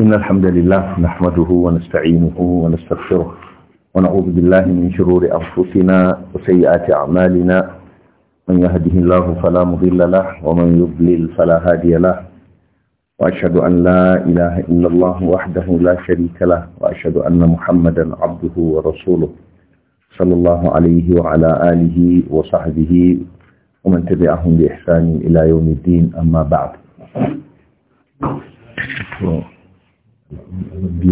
إن الحمد لله نحمده ونستعينه ونستغفره ونعوذ بالله من شرور أنفسنا وسيئات أعمالنا من يهده الله فلا مضل له ومن يضلل فلا هادي له وأشهد أن لا إله إلا الله وحده لا شريك له وأشهد أن محمدا عبده ورسوله صلى الله عليه وعلى آله وصحبه ومن تبعهم بإحسان إلى يوم الدين أما بعد wannan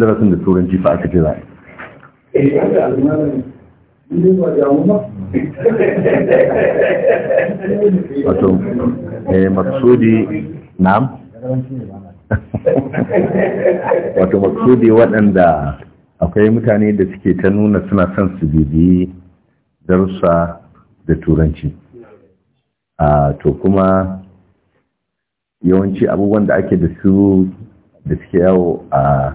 darasin da turanci fa aka ce za a yi eh, wato eh maksudi na'am wato maksudi waɗanda akwai mutane da suke ta nuna suna son su bibiyi darussa da turanci a to kuma yawanci abubuwan da ake da su da suke yawo a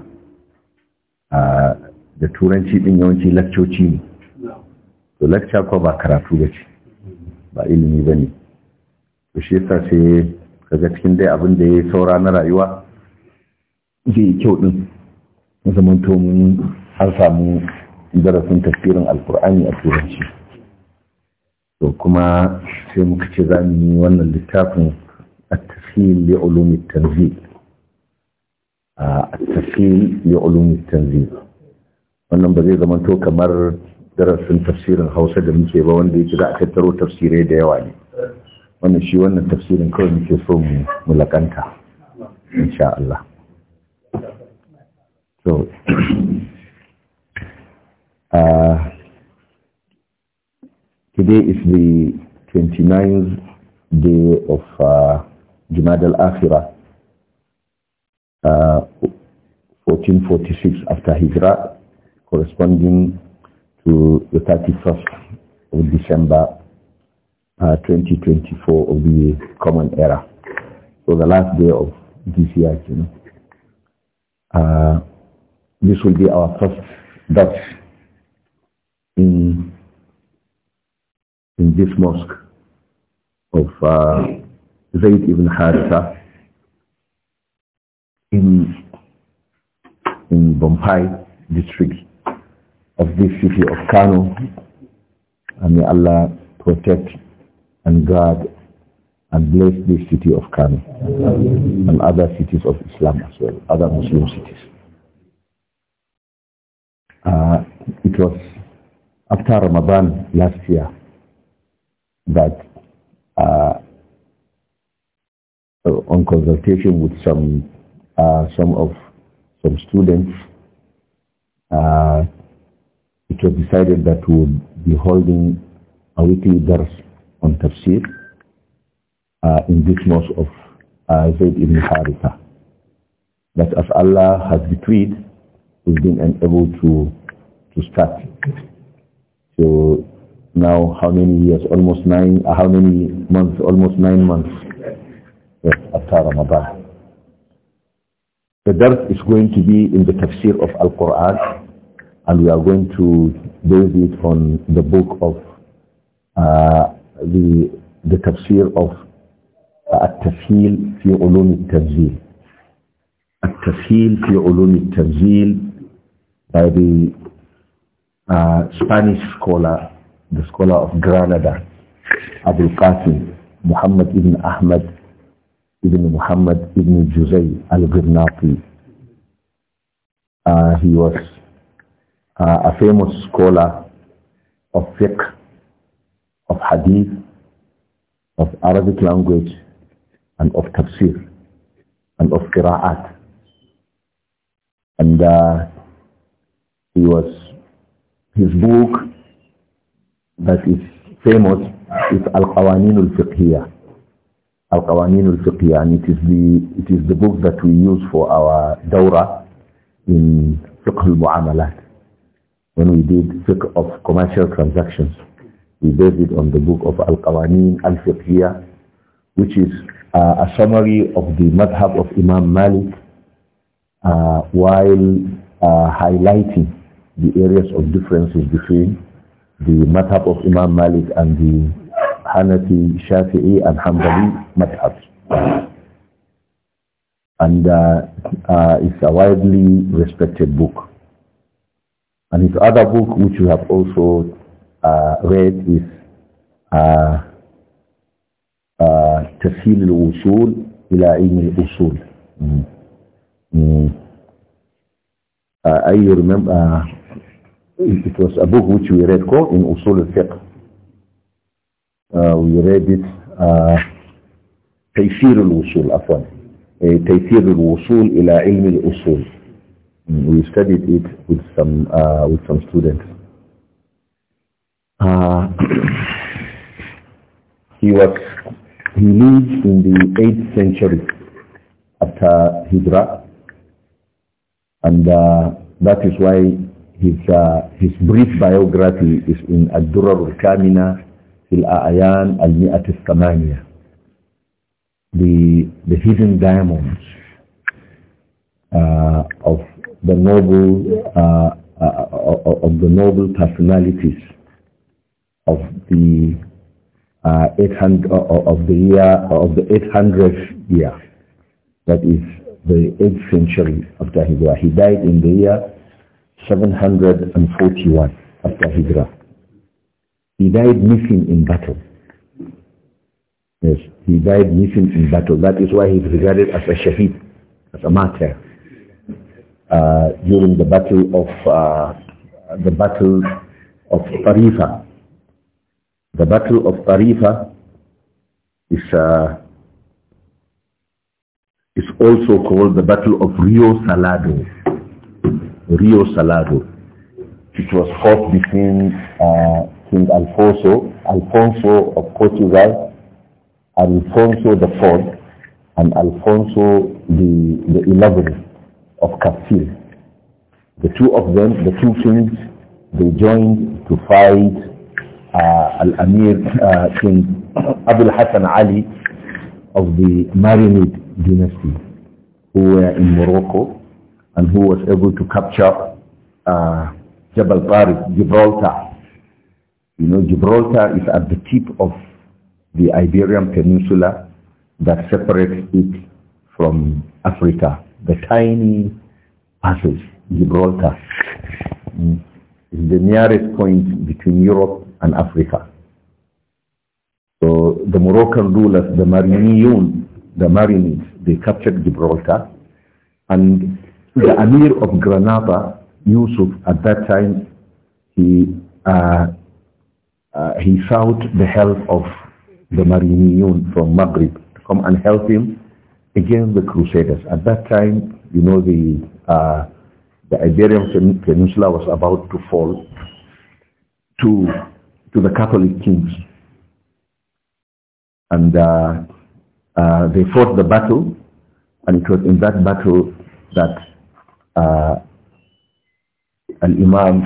da turanci din yawanci lakcoci ne to lacca ko ba karatu ba ce ba ilimi ba ne to shi yasa sai kaga cikin dai abin da ya yi saura na rayuwa zai yi kyau din zaman to har samu darasin tafsirin alkur'ani a turanci to kuma sai muka ce za mu yi wannan littafin التسهيل لعلوم التنزيل wannan ba zai zama to kamar darasin tafsirin hausa da muke ba wanda yake za a tattaro tafsirai da yawa ne wannan shi wannan tafsirin kawai muke so mu mulakanta insha Allah so uh, today is the 29th day of uh, Jumad al-Akhirah uh, 1446 after Hijrah corresponding to the 31st of December uh, 2024 of the Common Era. So the last day of this year, you know. Uh, this will be our first Dutch in in this mosque of uh, Zayd ibn Haritha in in Bombay district of this city of Kano. And may Allah protect and guard and bless this city of Kano and other cities of Islam as well, other Muslim cities. Uh, it was after Ramadan last year that uh, on consultation with some uh, some of some students uh, it was decided that we would be holding a weekly dars on tafsir uh, in this mosque of uh, Zayd ibn Haritha. That as Allah has decreed, we've been unable to, to start. So now how many years? Almost nine, uh, how many months? Almost nine months yes, after Ramadan. The dars is going to be in the tafsir of Al-Quran and we are going to base it on the book of uh, the the tafsir of التسهيل في علوم التنزيل التسهيل في علوم التنزيل by the uh, Spanish scholar the scholar of Granada Abu Qasim Muhammad ibn Ahmad ibn Muhammad ibn Juzay al-Ghirnati uh, he was uh, a famous scholar of fiqh, of hadith, of Arabic language, and of tafsir, and of qira'at. And uh, he was, his book that is famous is Al-Qawanin al Al-Qawanin al and it is, the, it is the book that we use for our dawrah in Fiqh al-Mu'amalat when we did fiqh of commercial transactions. We based it on the book of Al-Qawaneen Al-Fiqhiyah, which is uh, a summary of the madhab of Imam Malik uh, while uh, highlighting the areas of differences between the madhab of Imam Malik and the Hanafi, Shafi'i and Hanbali madhabs. And uh, uh, it's a widely respected book. And his other book, which you have also uh, read, is uh, uh, Tafsir al al-Uṣūl Ilm الأصول. usul mm. mm. uh, I remember uh, it was a book which we read called in Usul al-Fiqh. Uh, we read it al-Uṣūl, تيسير Tafsir عفوا usul eh, ila al-Ilm al-Uṣūl. Mm, we studied it with some uh, with some students. Uh, he was he lived in the eighth century after Hijra, and uh, that is why his uh, his brief biography is in Ad-Durar al-Kamina fil Aayan al-Mi'at al the the hidden diamonds uh, of the noble uh, uh, uh, of the noble personalities of the uh, 800 uh, uh, of the year of the 800th year that is the 8th century after Hijrah. He died in the year 741 after Hijrah. He died missing in battle. Yes, he died missing in battle. That is why he is regarded as a shaheed, as a martyr. Uh, during the battle of uh, the battle of Tarifa. The battle of Tarifa is uh, is also called the battle of Rio Salado. Rio Salado. It was fought between King Alfonso, Alfonso of Portugal, Alfonso the Fourth, and Alfonso the the Eleventh of Kafir. The two of them, the two kings, they joined to fight uh, Al-Amir uh, King Abul Hassan Ali of the Marinid dynasty who were in Morocco and who was able to capture uh, Jabal Tariq, Gibraltar. You know, Gibraltar is at the tip of the Iberian Peninsula that separates it from Africa the tiny passage, Gibraltar, mm, is the nearest point between Europe and Africa. So the Moroccan rulers, the Mariniyun, the Marinids, they captured Gibraltar. And the Amir of Granada, Yusuf, at that time, he, uh, uh, he sought the help of the Mariniyun from Maghreb to come and help him against the Crusaders. At that time, you know, the, uh, the Iberian Peninsula was about to fall to, to the Catholic kings. And uh, uh, they fought the battle, and it was in that battle that uh, imam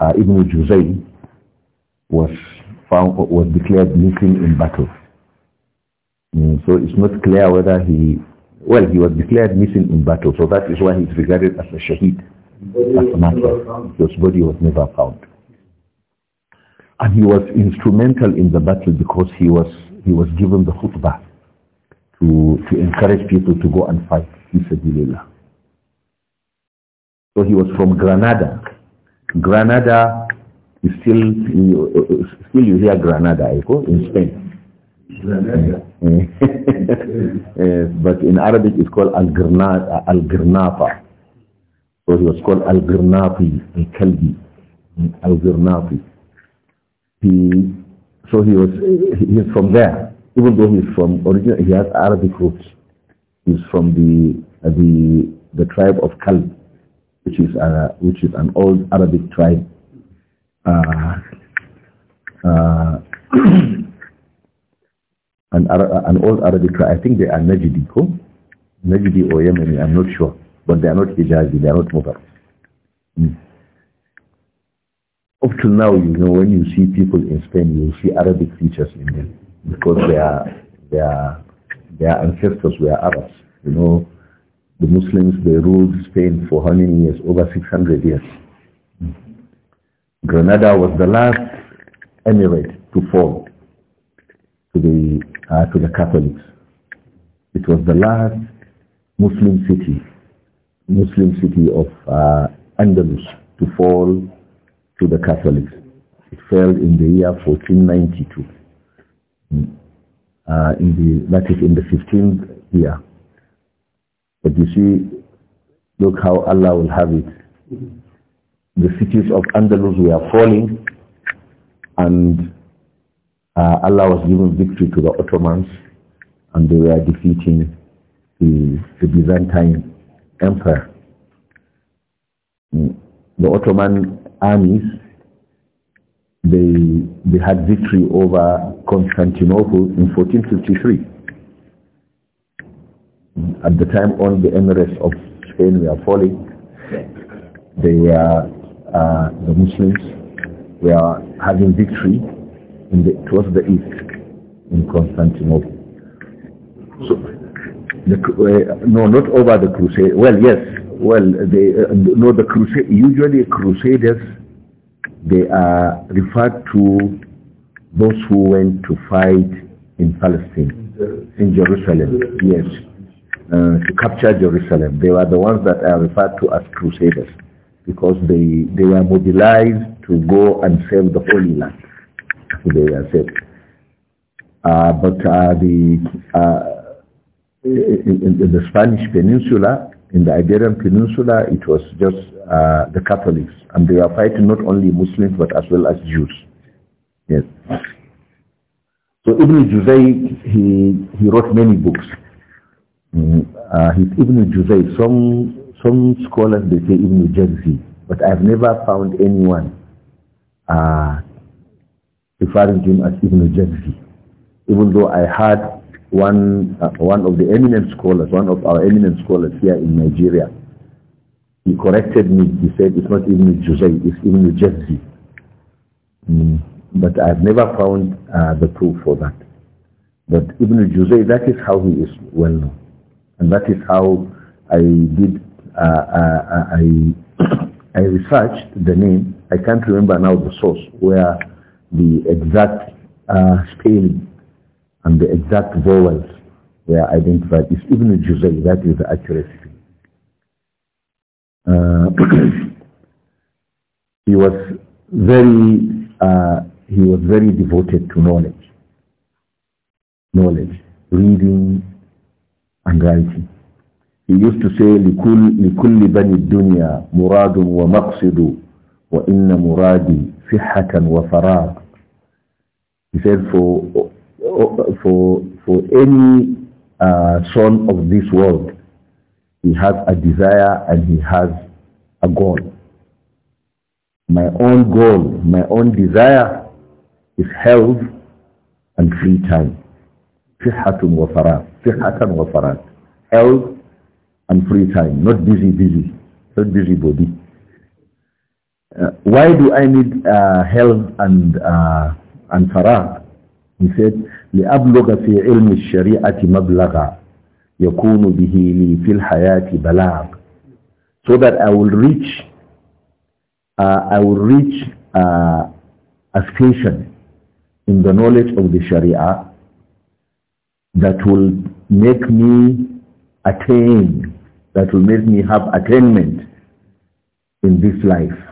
uh, Ibn Juzay was, found, was declared missing in battle. Mm, so it's not clear whether he, well, he was declared missing in battle, so that is why he's regarded as a shaheed, as a martyr. His body was never found. And he was instrumental in the battle because he was, he was given the khutbah to, to encourage people to go and fight. So he was from Granada. Granada is still, uh, uh, still you hear Granada, eh, in Spain yes, eh, but in Arabic it's called al-girnafa. Al So he was called al-girnafi, al-kalbi, al-girnafi. He, so he was, he's from there. Even though he's from, originally he has Arabic roots. He's from the, uh, the, the tribe of Kalb, which is, a, uh, which is an old Arabic tribe. Uh, uh, an, an old Arabic tribe. I think they are Najdi, oh? Najdi or Yemeni, I'm not sure. But they are not Hijazi, they are not Mubarak. Mm. Up till now, you know, when you see people in Spain, you will see Arabic features in them because they are, they are, their ancestors were Arabs. You know, the Muslims, they ruled Spain for how many years? Over 600 years. Hmm. Granada was the last emirate to fall to the, uh, to the Catholics. It was the last Muslim city, Muslim city of uh, Andalus to fall to the Catholics. It fell in the year 1492, mm. uh, in the, that is in the 15th year. But you see, look how Allah will have it. Mm-hmm. The cities of Andalus were falling and uh, Allah was giving victory to the Ottomans and they were defeating the, the Byzantine Empire. Mm. The Ottoman armies, they, they had victory over Constantinople in 1453. At the time, all the emirates of Spain were falling. They were, uh, the Muslims were having victory in the, towards the east in Constantinople. So, the, uh, no, not over the crusade. Well, yes. Well, they, uh, no, the crusade. Usually, crusaders they are referred to those who went to fight in Palestine, in Jerusalem. Yes, uh, to capture Jerusalem. They were the ones that are referred to as crusaders because they they were mobilized to go and save the Holy Land they are Uh, but uh, the uh, in, in, the Spanish Peninsula, in the Iberian Peninsula, it was just uh, the Catholics, and they were fighting not only Muslims but as well as Jews. Yes. So Ibn Juzay, he he wrote many books. Mm, uh, Ibn Juzay, some some scholars they say Ibn Juzay, but I've never found anyone uh, referring to him as Ibn Jazzi. Even though I had one, uh, one of the eminent scholars, one of our eminent scholars here in Nigeria, he corrected me. He said it's not Ibn Juzay, it's Ibn Jazzi. Mm. But I've never found uh, the proof for that. But Ibn Juzay, that is how he is well known. And that is how I did, uh, uh, uh I, I researched the name. I can't remember now the source where the exact uh, spelling and the exact vowels were identified. It's Ibn Juzay, that is the accuracy. Uh, he was very uh, he was very devoted to knowledge. Knowledge, reading and writing. He used to say, لكل, لكل بني الدنيا مراد ومقصد وإن مرادي sihatan wa farar. He said, for, for, for any uh, son of this world, he has a desire and he has a goal. My own goal, my own desire is health and free time. Sihatun wa farar. Sihatan wa farar. Health and free time. Not busy, busy. Not busy body uh, why do I need uh, help and uh, and farah? He said, لأبلغ في علم الشريعة مبلغا يكون به لي في الحياة بلاغ so that I will reach uh, I will reach uh, a station in the knowledge of the Sharia that will make me attain, that will make me have attainment in this life.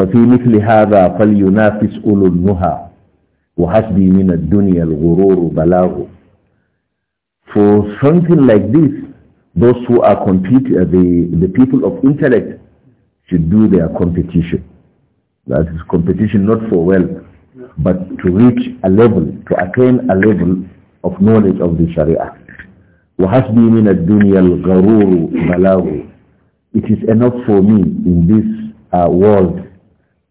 ففي مثل هذا فلينافس أولو النهى وحسبي من الدنيا الغرور بلاغ For something like this, those who are competing uh, the, the people of intellect should do their competition. That is competition not for wealth, but to reach a level, to attain a level of knowledge of the Sharia. وَحَسْبِي مِنَ الدُّنْيَا الْغَرُورُ بَلَاغُ It is enough for me in this uh, world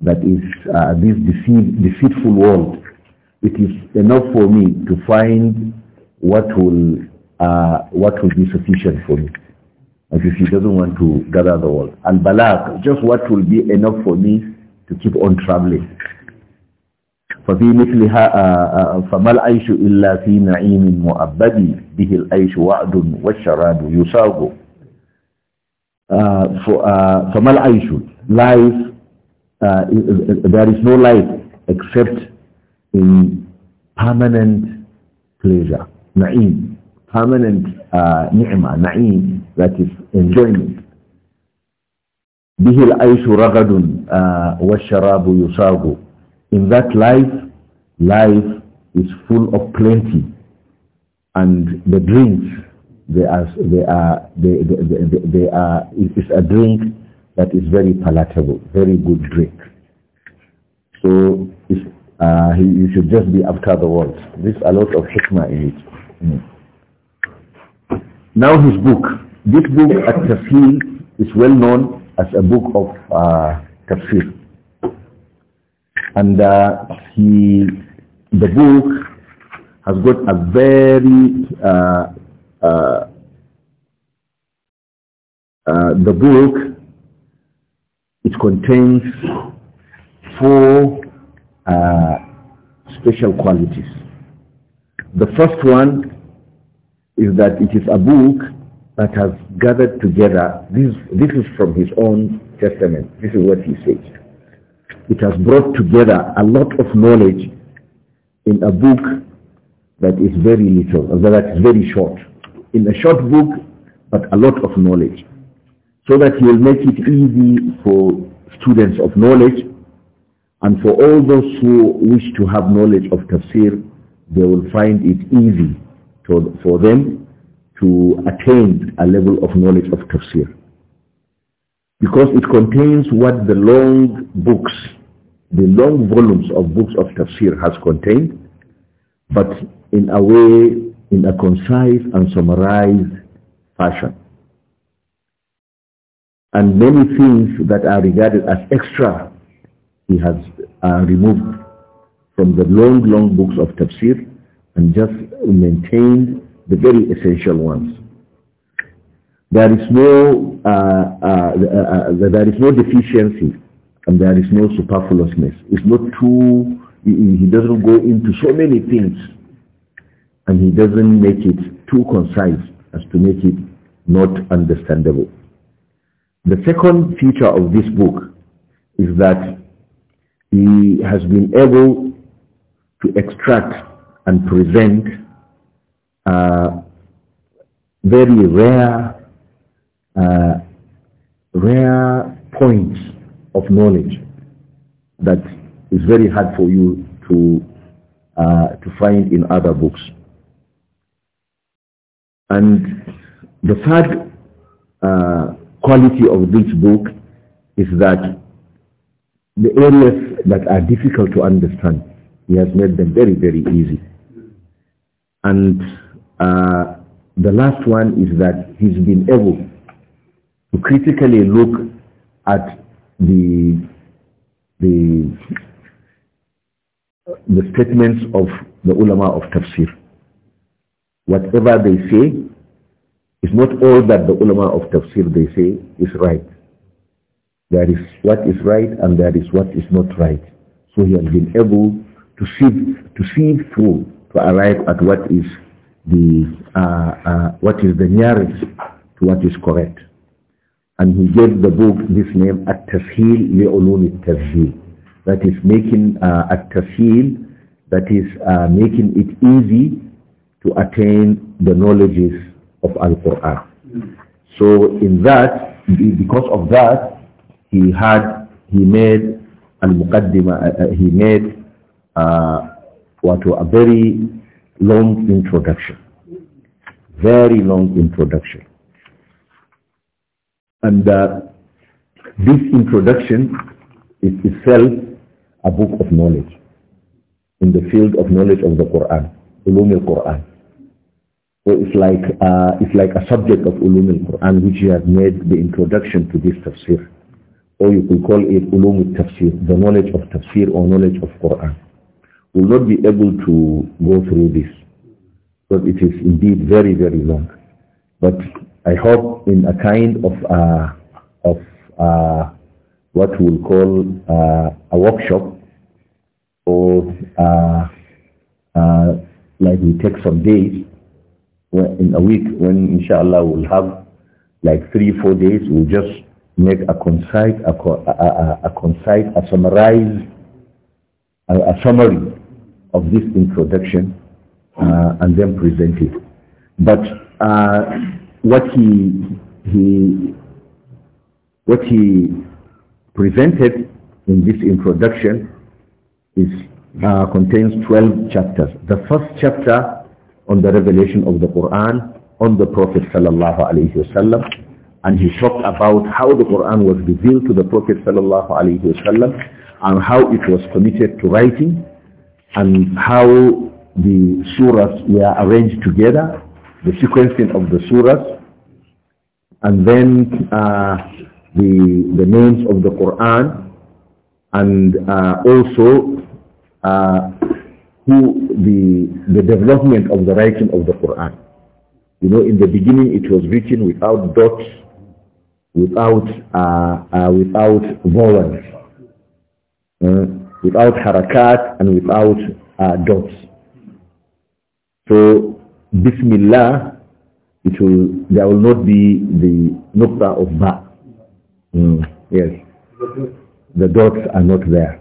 that is uh, this deceit, deceitful world. It is enough for me to find what will uh, what will be sufficient for me. As if he doesn't want to gather the world. And Balak, just what will be enough for me to keep on traveling. ففي مثلها فما العيش إلا في نعيم مؤبد به العيش وعد والشراب يساق uh, uh, فما العيش life uh, there is no life except in permanent pleasure, na'im, permanent uh, ni'mah, na'im, that is enjoyment. به العيش رغد والشراب يصاغ In that life, life is full of plenty and the drinks, they are, they are, they, they, they, they are, it is a drink that is very palatable, very good drink. So uh, you should just be after the world. There's a lot of hikmah in it. Mm. Now his book. This book, At-Tafsir, is well known as a book of uh, tafsir. And uh, he, the book has got a very, uh, uh, uh the book it contains four uh, special qualities. The first one is that it is a book that has gathered together, this, this is from his own testament, this is what he says. It has brought together a lot of knowledge in a book that is very little, that is very short. In a short book, but a lot of knowledge so that he will make it easy for students of knowledge and for all those who wish to have knowledge of tafsir, they will find it easy to, for them to attain a level of knowledge of tafsir. Because it contains what the long books, the long volumes of books of tafsir has contained, but in a way, in a concise and summarized fashion. And many things that are regarded as extra, he has uh, removed from the long, long books of tafsir and just maintained the very essential ones. There is no, uh, uh, uh there is no deficiency and there is no superfluousness. It's not too, he doesn't go into so many things and he doesn't make it too concise as to make it not understandable. The second feature of this book is that he has been able to extract and present uh, very rare, uh, rare points of knowledge that is very hard for you to uh, to find in other books. And the third uh, quality of this book is that the areas that are difficult to understand, he has made them very, very easy. And uh, the last one is that he's been able to critically look at the the the statements of the ulama of tafsir. Whatever they say, it's not all that the ulama of tafsir they say is right. There is what is right and there is what is not right. So he has been able to see, to sieve through to arrive at what is the uh, uh, what is the nearest to what is correct. And he gave the book this name At-Tasheel Li'ulum tafsir. is making uh, At-Tasheel, that is uh, making it easy to attain the knowledges of Al-Quran. So in that, because of that, he had, he made Al-Muqaddimah, uh, uh, he made uh, what a very long introduction. Very long introduction. And uh, this introduction is itself a book of knowledge in the field of knowledge of the Quran, Ulum al-Quran. So it's like, uh, it's like a subject of Ulum al-Quran which you have made the introduction to this tafsir. Or you could call it Ulum al-Tafsir, the knowledge of tafsir or knowledge of Quran. will not be able to go through this. But it is indeed very, very long. But I hope in a kind of, uh, of uh, what we'll call uh, a workshop or uh, uh like we take some days in a week when inshallah we'll have like three, four days, we'll just make a concise, a, a, a, a concise, a summary, a, a, summary of this introduction uh, and then present it. But uh, what he, he, what he presented in this introduction is, uh, contains 12 chapters. The first chapter on the revelation of the Quran, on the Prophet sallallahu alaihi wasallam, and he talked about how the Quran was revealed to the Prophet sallallahu alaihi wasallam, and how it was committed to writing, and how the surahs were arranged together, the sequencing of the surahs, and then uh, the the names of the Quran, and uh, also uh, who the, the development of the writing of the Quran. You know, in the beginning it was written without dots, without, uh, uh, without vowels, uh, without harakat and without uh, dots. So, Bismillah it will there will not be the nukta of ba. Mm, yes. The dots are not there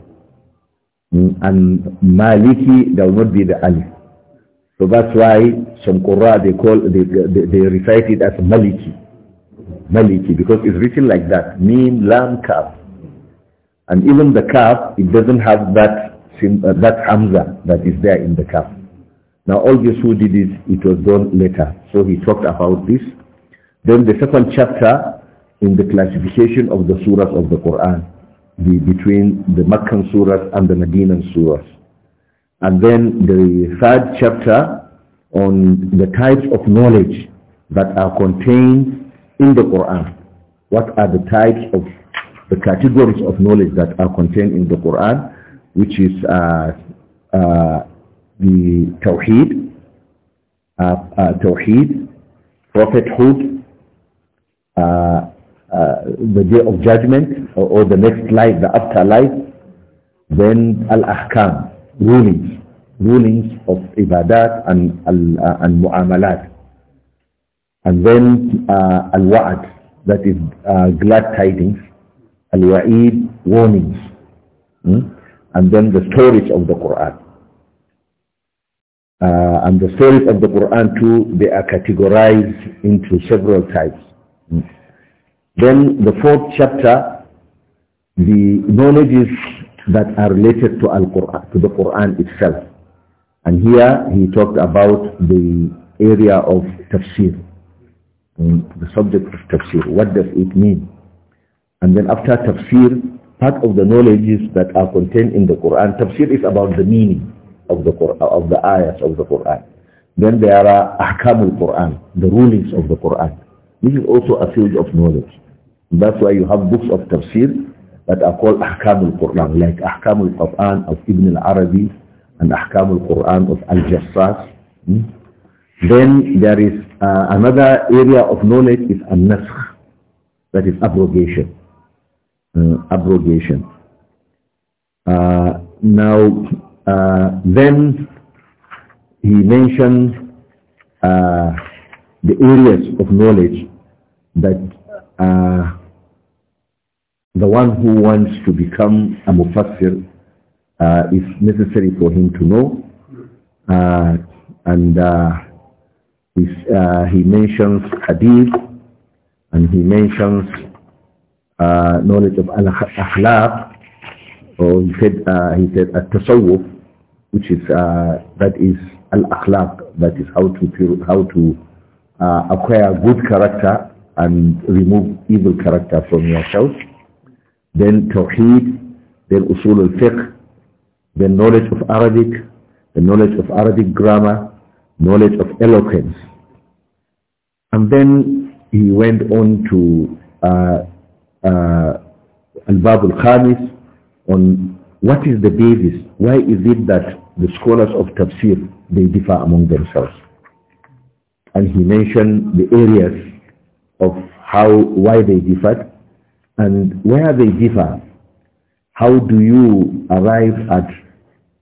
and Maliki, they will not be the alif. So that's why some Qur'an they call, they, they, they, recite it as Maliki. Maliki, because it's written like that. Mim, Lam, Kaf. And even the Kaf, it doesn't have that, uh, that Hamza that is there in the Kaf. Now all this who did it, it was done later. So he talked about this. Then the second chapter in the classification of the surahs of the Qur'an the, between the Makkan surahs and the Medinan surahs. And then the third chapter on the types of knowledge that are contained in the Quran. What are the types of the categories of knowledge that are contained in the Quran, which is uh, uh, the Tawheed, uh, uh, Tawheed, prophethood, uh, uh the Day of Judgment, or, or the next life, the afterlife, then al-ahkam, rulings, rulings of ibadat and, al, uh, and mu'amalat. And then uh, al-wa'ad, that is uh, glad tidings, al-wa'id, warnings. Hmm? And then the stories of the Quran. Uh, and the stories of the Quran too, they are categorized into several types. Hmm? Then the fourth chapter the knowledges that are related to, Al -Quran, to the Quran itself. And here he talked about the area of tafsir, um, the subject of tafsir. What does it mean? And then after tafsir, part of the knowledges that are contained in the Quran, tafsir is about the meaning of the Quran, of the ayahs of the Quran. Then there are ahkam al-Quran, the rulings of the Quran. This is also a field of knowledge. That's why you have books of tafsir that are called Ahkam al-Quran, like Ahkam al-Quran of Ibn al-Arabi and Ahkam al-Quran of Al-Jassas. Hmm? Then there is uh, another area of knowledge is An-Nasr, that is abrogation. Uh, abrogation. Uh, now, uh, then he mentioned uh, the areas of knowledge that uh, the one who wants to become a mufassir uh, is necessary for him to know. Uh, and uh, his, uh, he mentions hadith and he mentions uh, knowledge of al-akhlaq. Or he said, uh, he said at tasawwuf which is, that is al-akhlaq, that is how to, how to acquire good character and remove evil character from yourself then Tawheed, then Usul al-Fiqh, then knowledge of Arabic, the knowledge of Arabic grammar, knowledge of eloquence. And then he went on to uh, uh, Al-Bab al-Khamis on what is the basis, why is it that the scholars of Tafsir, they differ among themselves. And he mentioned the areas of how, why they differed and where they differ, how do you arrive at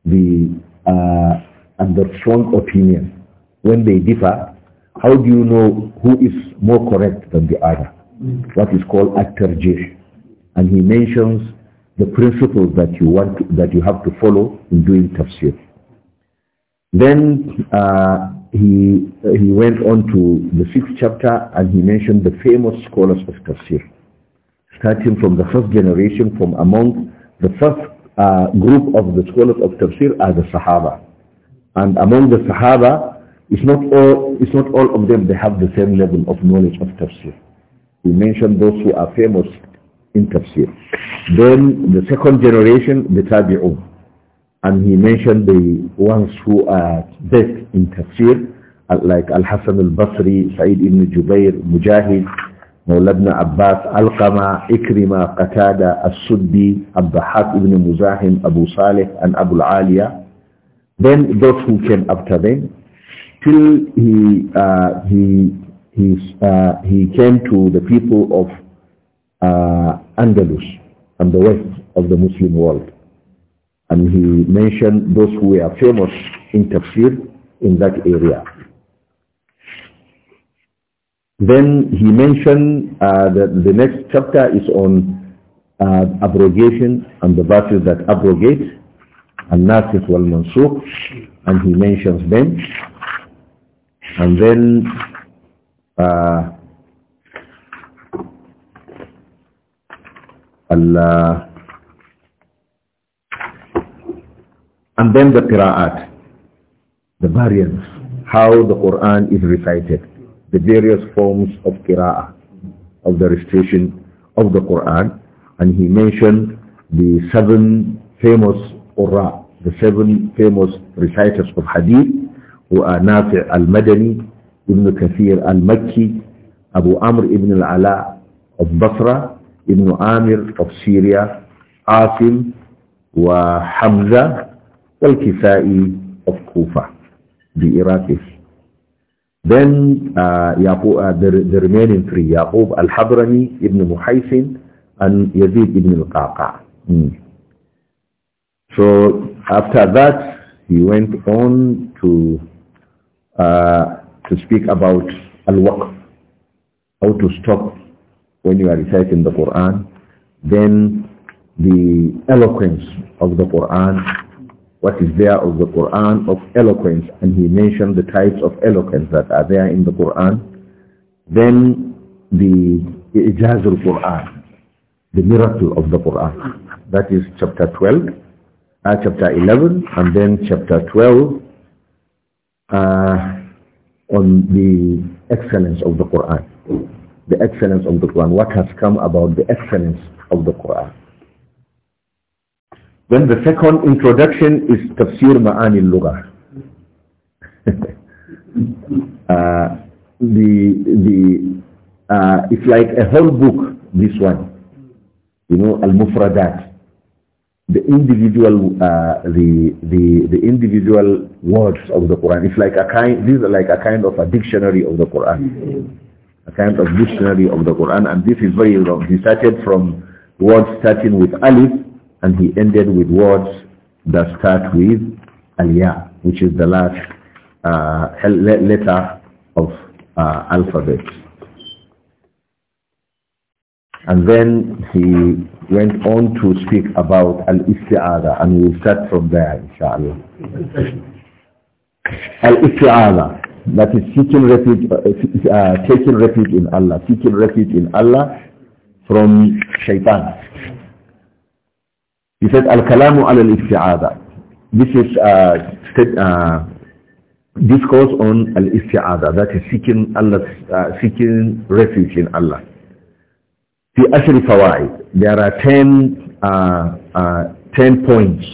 the uh, the strong opinion? When they differ, how do you know who is more correct than the other? What is called at And he mentions the principles that you want to, that you have to follow in doing tafsir. Then uh, he he went on to the sixth chapter and he mentioned the famous scholars of tafsir starting from the first generation, from among the first uh, group of the scholars of tafsir are the Sahaba. And among the Sahaba, it's not all, it's not all of them they have the same level of knowledge of tafsir. We mentioned those who are famous in tafsir. Then the second generation, the Tabi'un. And he mentioned the ones who are best in tafsir, like al Hasan al-Basri, Sa'id ibn Jubair, Mujahid, مولى ابن عباس القمة إكرمة قتادة السدي الضحاك ابن مزاحم أبو صالح and Abu Aliya then those who came after them till he uh, he he uh, he came to the people of uh, Andalus and the west of the Muslim world and he mentioned those who were famous in tafsir in that area then he mentioned uh, that the next chapter is on uh, abrogation and the verses that abrogate, and nasikh wal mansukh, and he mentions them. And then uh, Allah, uh, and then the qira'at, the variants, how the Quran is recited the various forms of qira'ah, of the recitation of the Quran. And he mentioned the seven famous ura, the seven famous reciters of hadith, who are Nafi' al-Madani, Ibn Kathir al-Makki, Abu Amr ibn al-Ala of Basra, Ibn Amir of Syria, Asim wa Hamza, al-Kisai of Kufa, the Iraqis. Then uh, Yaqub, uh, the, the, remaining three, Yaqub al-Hadrami, Ibn Muhaysin, and Yazid ibn al-Qaqa. Mm. So after that, he went on to uh, to speak about al-waqf, how to stop when you are reciting the Quran, then the eloquence of the Quran, what is there of the Quran of eloquence and he mentioned the types of eloquence that are there in the Quran. Then the Ijaz al-Quran, the miracle of the Quran. That is chapter 12, uh, chapter 11 and then chapter 12 uh, on the excellence of the Quran. The excellence of the Quran, what has come about the excellence of the Quran. Then the second introduction is Tafsir Ma'ani al-Lugha. uh, the, the, uh, it's like a whole book, this one. You know, Al-Mufradat. The individual, uh, the, the, the individual words of the Quran. It's like a kind, these are like a kind of a dictionary of the Quran. A kind of dictionary of the Quran. And this is very long. He started from words starting with Alif and he ended with words that start with Aliyah, which is the last uh, letter of uh, alphabet. And then he went on to speak about al-isti'ada, and we'll start from there, inshallah. al-isti'ada, that is seeking refuge, uh, uh, taking refuge in Allah, seeking refuge in Allah from shaitan. He said, Al-Kalamu al istiada This is uh, uh, discourse on al-istiada, that is seeking Allah, uh, seeking refuge in Allah. The Ashri Fawaid, there are 10, uh, uh 10 points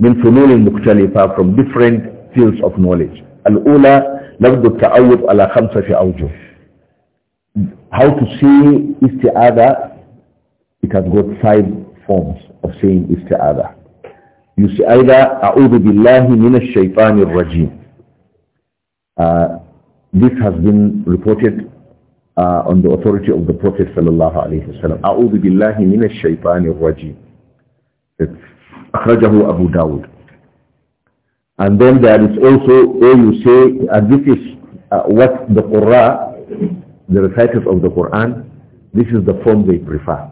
من فنون مختلفة from different fields of knowledge. الأولى لفظ التعود على خمسة أوجه. How to see istiada, it has got five forms of saying isti'adha. You say either أعوذ بالله من الشيطان الرجيم. Uh, this has been reported uh, on the authority of the Prophet sallallahu alayhi wa sallam. أعوذ بالله من الشيطان الرجيم. أخرجه Abu Dawud. And then there is also where you say, and this is uh, what the Qur'an, the reciters of the Qur'an, this is the form they prefer.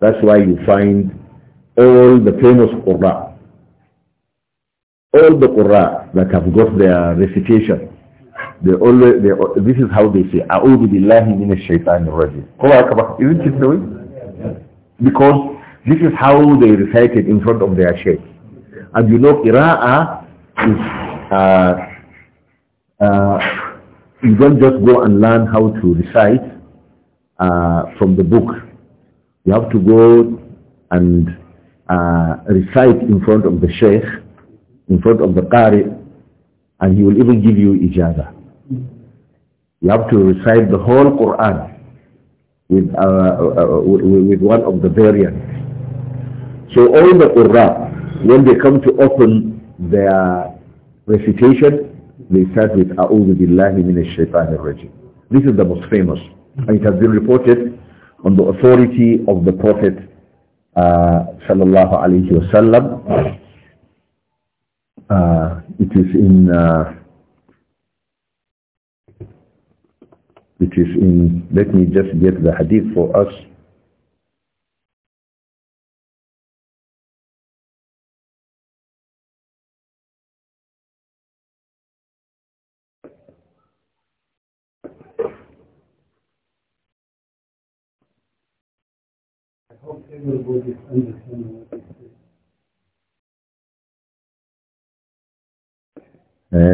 That's why you find all the famous Qur'an, all the Qur'an that have got their recitation, they always, they, this is how they say, أعوذ بالله من الشيطان الرجيم. Isn't it the Because this is how they recite it in front of their sheikh. And you know, Qira'ah is, uh, uh, you don't just go and learn how to recite, uh, from the book. You have to go and uh, recite in front of the sheikh, in front of the qari, and he will even give you ijaza. You have to recite the whole Quran with, uh, uh, uh with one of the variants. So all the Qurra, when they come to open their recitation, they start with A'udhu Billahi Minash Shaitanir Rajim. This is the most famous. And it has been reported on the authority of the Prophet uh, sallallahu wasallam. Uh, it is in uh, it is in let me just get the hadith for us. everybody's understanding what it says. Eh.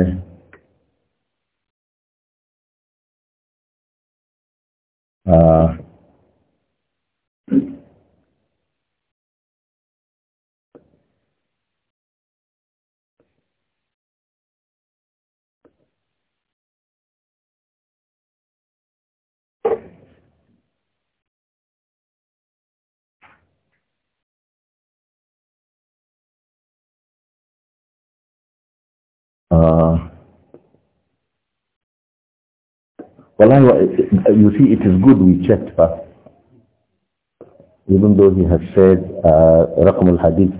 Uh, Uh, well, you see, it is good we checked first. Even though he has said uh, al-Hadith,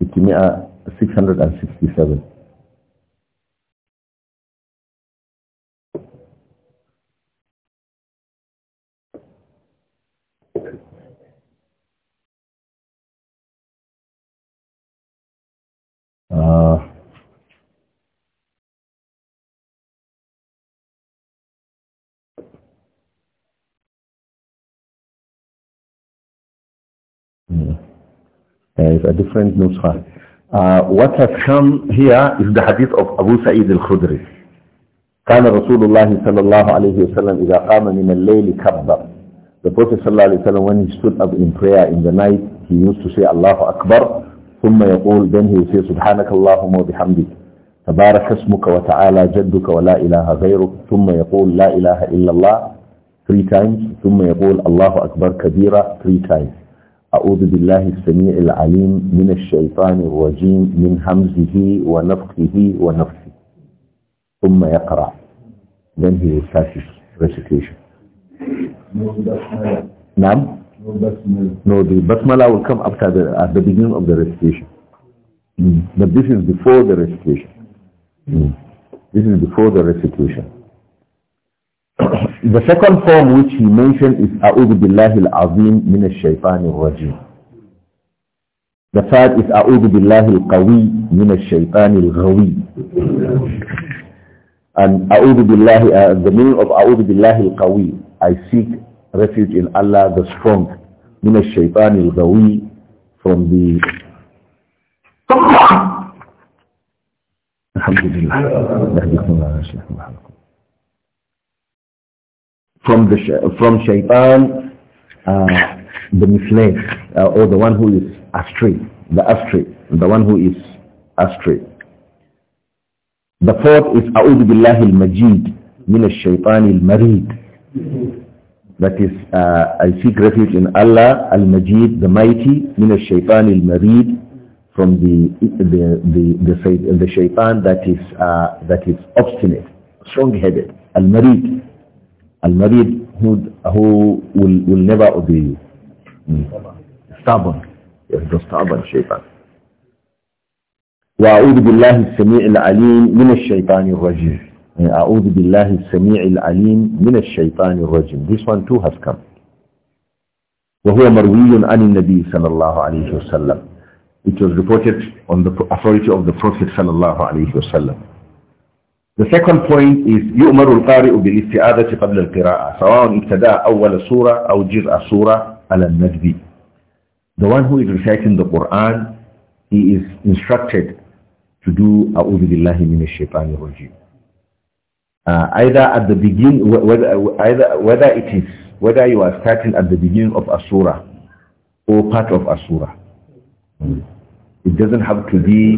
667. Uh, It's a different nusra. Uh, what has come here is the hadith of Abu Sa'id al-Khudri. كان رسول الله صلى الله عليه وسلم إذا قام من الليل كبر. The Prophet صلى الله عليه وسلم when he stood up in prayer in the night he used to say الله أكبر ثم يقول then he would say سبحانك اللهم وبحمدك تبارك اسمك وتعالى جدك ولا إله غيرك ثم يقول لا إله إلا الله three times ثم يقول الله أكبر كبيرا three times أعوذ بالله السميع العليم من الشيطان الرجيم من همزه ونفخه ونفخه ثم يقرأ then he will start his recitation نعم no the basmala will come after the at the beginning of the recitation mm. but this is before the recitation mm. this is before the recitation the second form which he mentioned is A'udhu Billahi Al-Azim Min Al-Shaytan Al-Rajim. The third is A'udhu Billahi Al-Qawi Min Al-Shaytan Al-Ghawi. And A'udhu Billahi, uh, the meaning of A'udhu Billahi Al-Qawi, I seek refuge in Allah the strong, Min Al-Shaytan Al-Ghawi, from the... Alhamdulillah. from the from shaitan uh, the misled uh, or the one who is astray the astray the one who is astray the fourth is a'udhu billahi al-majid min ash-shaytan al-marid that is uh, I seek refuge in Allah al-majid the mighty min ash-shaytan al-marid from the the the the, the, the shaitan that is uh, that is obstinate strong-headed al-marid المريض هو هو will never obey you. Hmm. stubborn. يبقى stubborn شيطان. وأعوذ بالله السميع العليم من الشيطان الرجيم. يعني أعوذ بالله السميع العليم من الشيطان الرجيم. This one too has come. وهو مروي عن النبي صلى الله عليه وسلم. It was reported on the authority of the Prophet صلى الله عليه وسلم. The second point is يؤمر القارئ بالاستعادة قبل القراءة سواء ابتداء أول سورة أو جزء سورة على النجد. The one who is reciting the Quran, he is instructed to do أعوذ بالله من الشيطان الرجيم. Uh, either at the beginning, whether, either, whether it is, whether you are starting at the beginning of a surah or part of a surah. Hmm. It doesn't have to be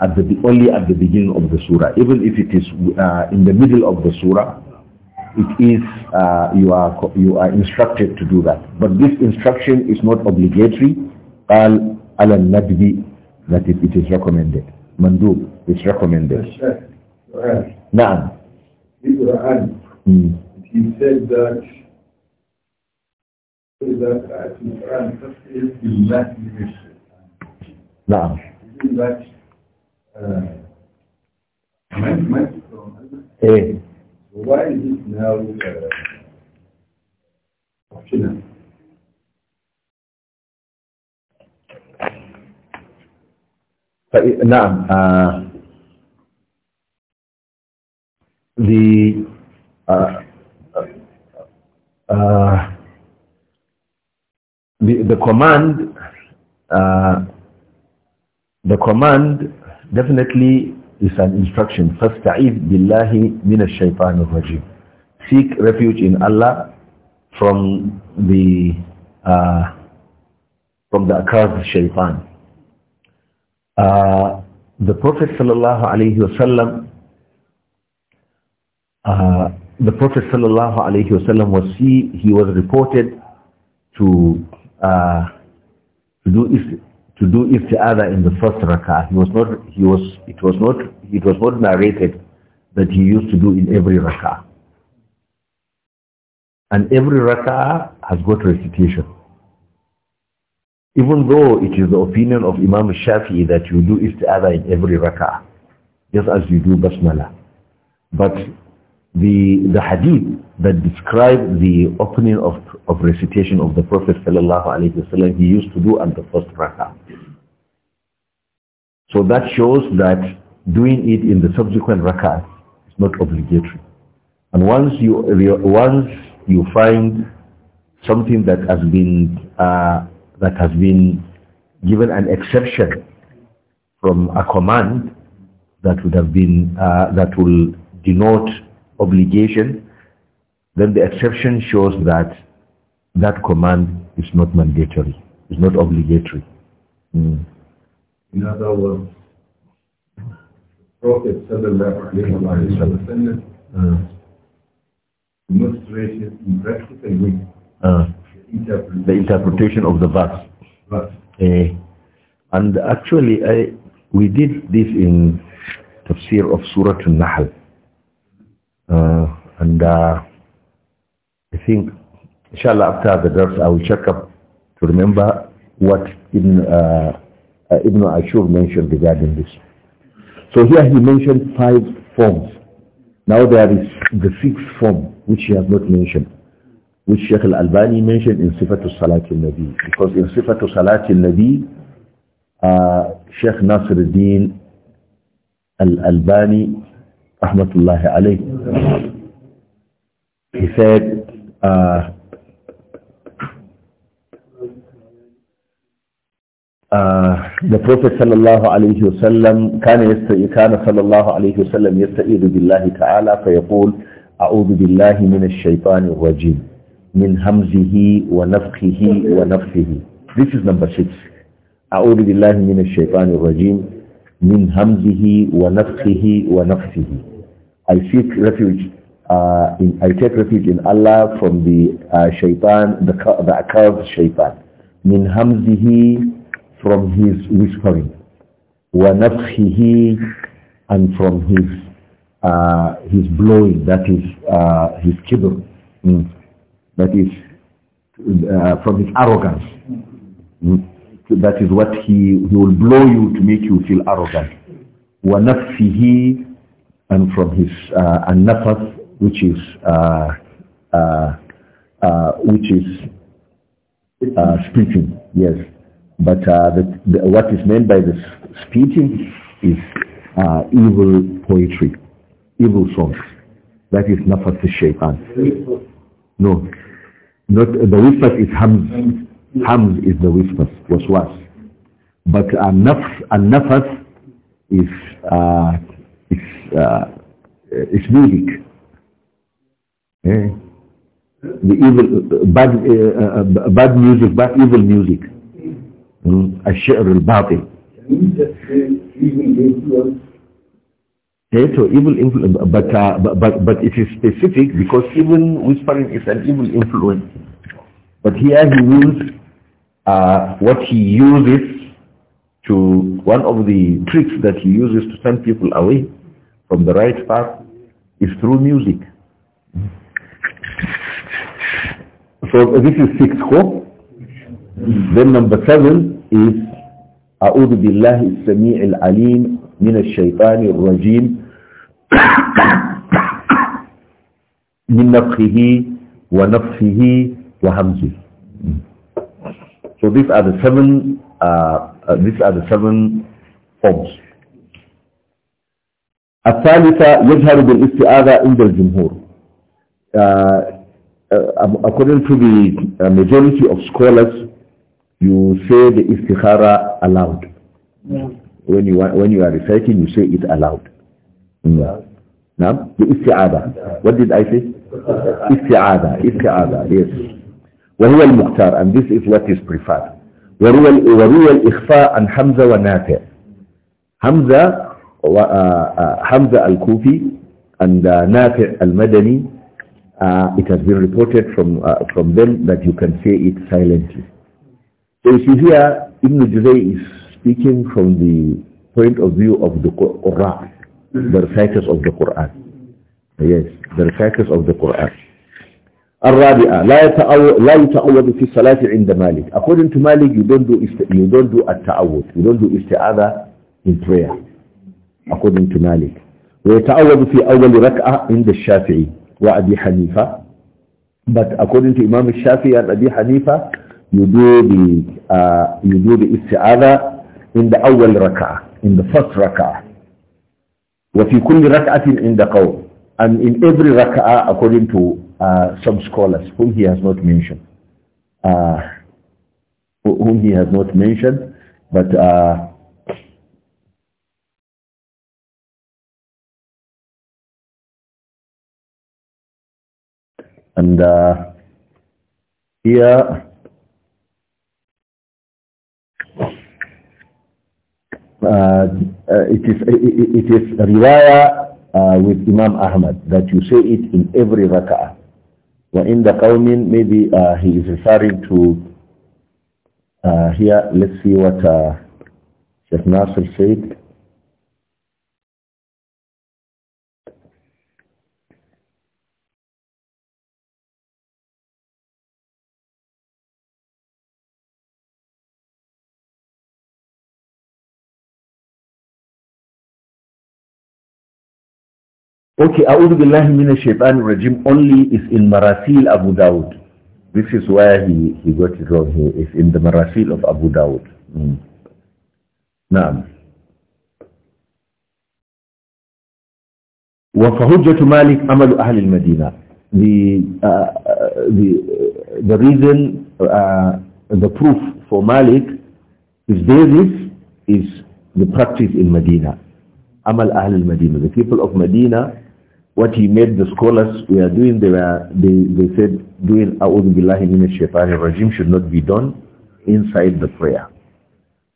at the only at the beginning of the surah. Even if it is uh, in the middle of the surah, it is uh, you are you are instructed to do that. But this instruction is not obligatory. Al al nadbi that it, it is recommended. Mandub is recommended. Naam. Mm. He said that that Naam. Eh. Why is it now uh, optional? Uh, now, uh, the uh, uh, uh, the the command the command definitely is an instruction. فَاسْتَعِذْ بِاللَّهِ مِنَ الشَّيْطَانِ الرَّجِيمِ Seek refuge in Allah from the uh, from the accursed shaitan. Uh, the Prophet sallallahu alaihi wasallam uh, the Prophet sallallahu alaihi wasallam was he, he was reported to uh, to do to do isti'adha in the first rak'ah. He was not, he was, it was not, it was not narrated that he used to do in every rak'ah. And every rak'ah has got recitation. Even though it is the opinion of Imam Shafi'i that you do isti'adha in every rak'ah, just as you do basmala. But the, the hadith that describe the opening of, of recitation of the Prophet ﷺ, he used to do at the first rakah. So that shows that doing it in the subsequent rakah is not obligatory. And once you, once you find something that has been, uh, that has been given an exception from a command that would have been, uh, that will denote obligation, then the exception shows that that command is not mandatory, it's not obligatory. Mm. In other words, Prophet Sallallahu Alaihi Wasallam uh, demonstrated in practical way uh, the, interpretation the interpretation of the verse. verse. Uh, and actually, I, we did this in tafsir of Surah An-Nahl. Uh, and uh, I think, inshallah, after the draft, I will check up to remember what Ibn, uh, uh, Ibn Ashur mentioned regarding this. So here he mentioned five forms. Now there is the sixth form, which he has not mentioned, which Sheikh al-Albani mentioned in Sifatul Salat al-Nabi. Because in Sifatul Salat al-Nabi, uh, Sheikh Nasruddin al-Albani rahmatullahi alayhi he said uh, uh, sallallahu alayhi wa kana yastai kana sallallahu alayhi wa sallam yastai billahi ta'ala fa yaqul a'udhu billahi minash shaitanir rajim min hamzihi wa nafthihi wa nafthihi this is number 6 a'udhu billahi minash shaitanir rajim min hamzihi wa nafthihi wa nafthihi I seek refuge uh, in, I take refuge in Allah from the uh, shaitan, the, the accursed shaitan. Min hamzihi, from his whispering. Wa nafhihi, and from his uh, his blowing, that is uh, his kibr. Mm. That is uh, from his arrogance. Mm. That is what he, he will blow you to make you feel arrogant. Wa nafhihi, and from his uh, nafas, which is uh, uh, uh which is uh, spitting. Yes, but uh, the, the, what is meant by the spitting is evil poetry, evil songs. That is nafas shaitan. No, not the whisper is hamz. Hamz is the whisper. Was was. But a nafs, a nafas is it's, uh, uh, it's music. Eh? The evil, uh, bad, uh, uh, bad music, bad evil music. الشعر الباطل. Okay, so evil influence, but, uh, but, but it is specific because even whispering is an evil influence. But here he uses uh, what he uses to one of the tricks that he uses to send people away from the right path is through music. So this is six hope. Then number seven is أعوذ بالله السميع العليم من الشيطان الرجيم من نفخه ونفخه وهمزه. So these are the seven uh, uh, these are the seven forms. الثالثة يجهر بالاستعاذة عند الجمهور. Uh, uh, according to the uh, majority of scholars, you say the istikhara aloud. Yeah. When you are, when you are reciting, you say it aloud. Mm. Now the isti'ada. What did I say? Isti'ada. Isti'ada. Yes. وهو المختار and this is what is preferred. وروي الإخفاء عن حمزة ونافع حمزة حمزة الكوفي and uh, Nafi al-Madani uh, it has been reported from uh, from them that you can say it silently so you see here Ibn Juzay is speaking from the point of view of the Quran the reciters of the Quran yes the reciters of the Quran الرابعة لا يتعود لا يتعود في الصلاة عند Malik. According to Malik, you don't do you don't do التعود. You don't do isti'adha in prayer. According to Malik. ويتعود في أول ركعة عند الشافعي وأبي حنيفة. But according to Imam Shafi and Abi Hanifa, you do the uh, you do the isti'adha in the أول ركعة, in the first ركعة. وفي كل ركعة عند قوم. And in every ركعة according to Uh, some scholars whom he has not mentioned, uh, whom he has not mentioned, but uh, and uh, here uh, it is it, it is riwayah uh, with Imam Ahmad that you say it in every rak'ah in the comment, maybe uh, he is referring to, uh, here, let's see what uh, Sheikh Nasir said. Okay, A'udhu Billahi Minash Shaitan Rajim only is in Marasil Abu Dawud. This is where he, he got it wrong here. It's in the Marasil of Abu Dawud. Mm. Naam. وَفَهُجَّةُ مَالِكْ أَمَلُ أَهْلِ الْمَدِينَ The, uh, uh, the, the reason, uh, the proof for Malik is this is the practice in Medina. Amal Ahl al The people of Medina what he made the scholars were doing, they were they, they said doing A'udhu Billahi Minash Shaitanir Rajim should not be done inside the prayer.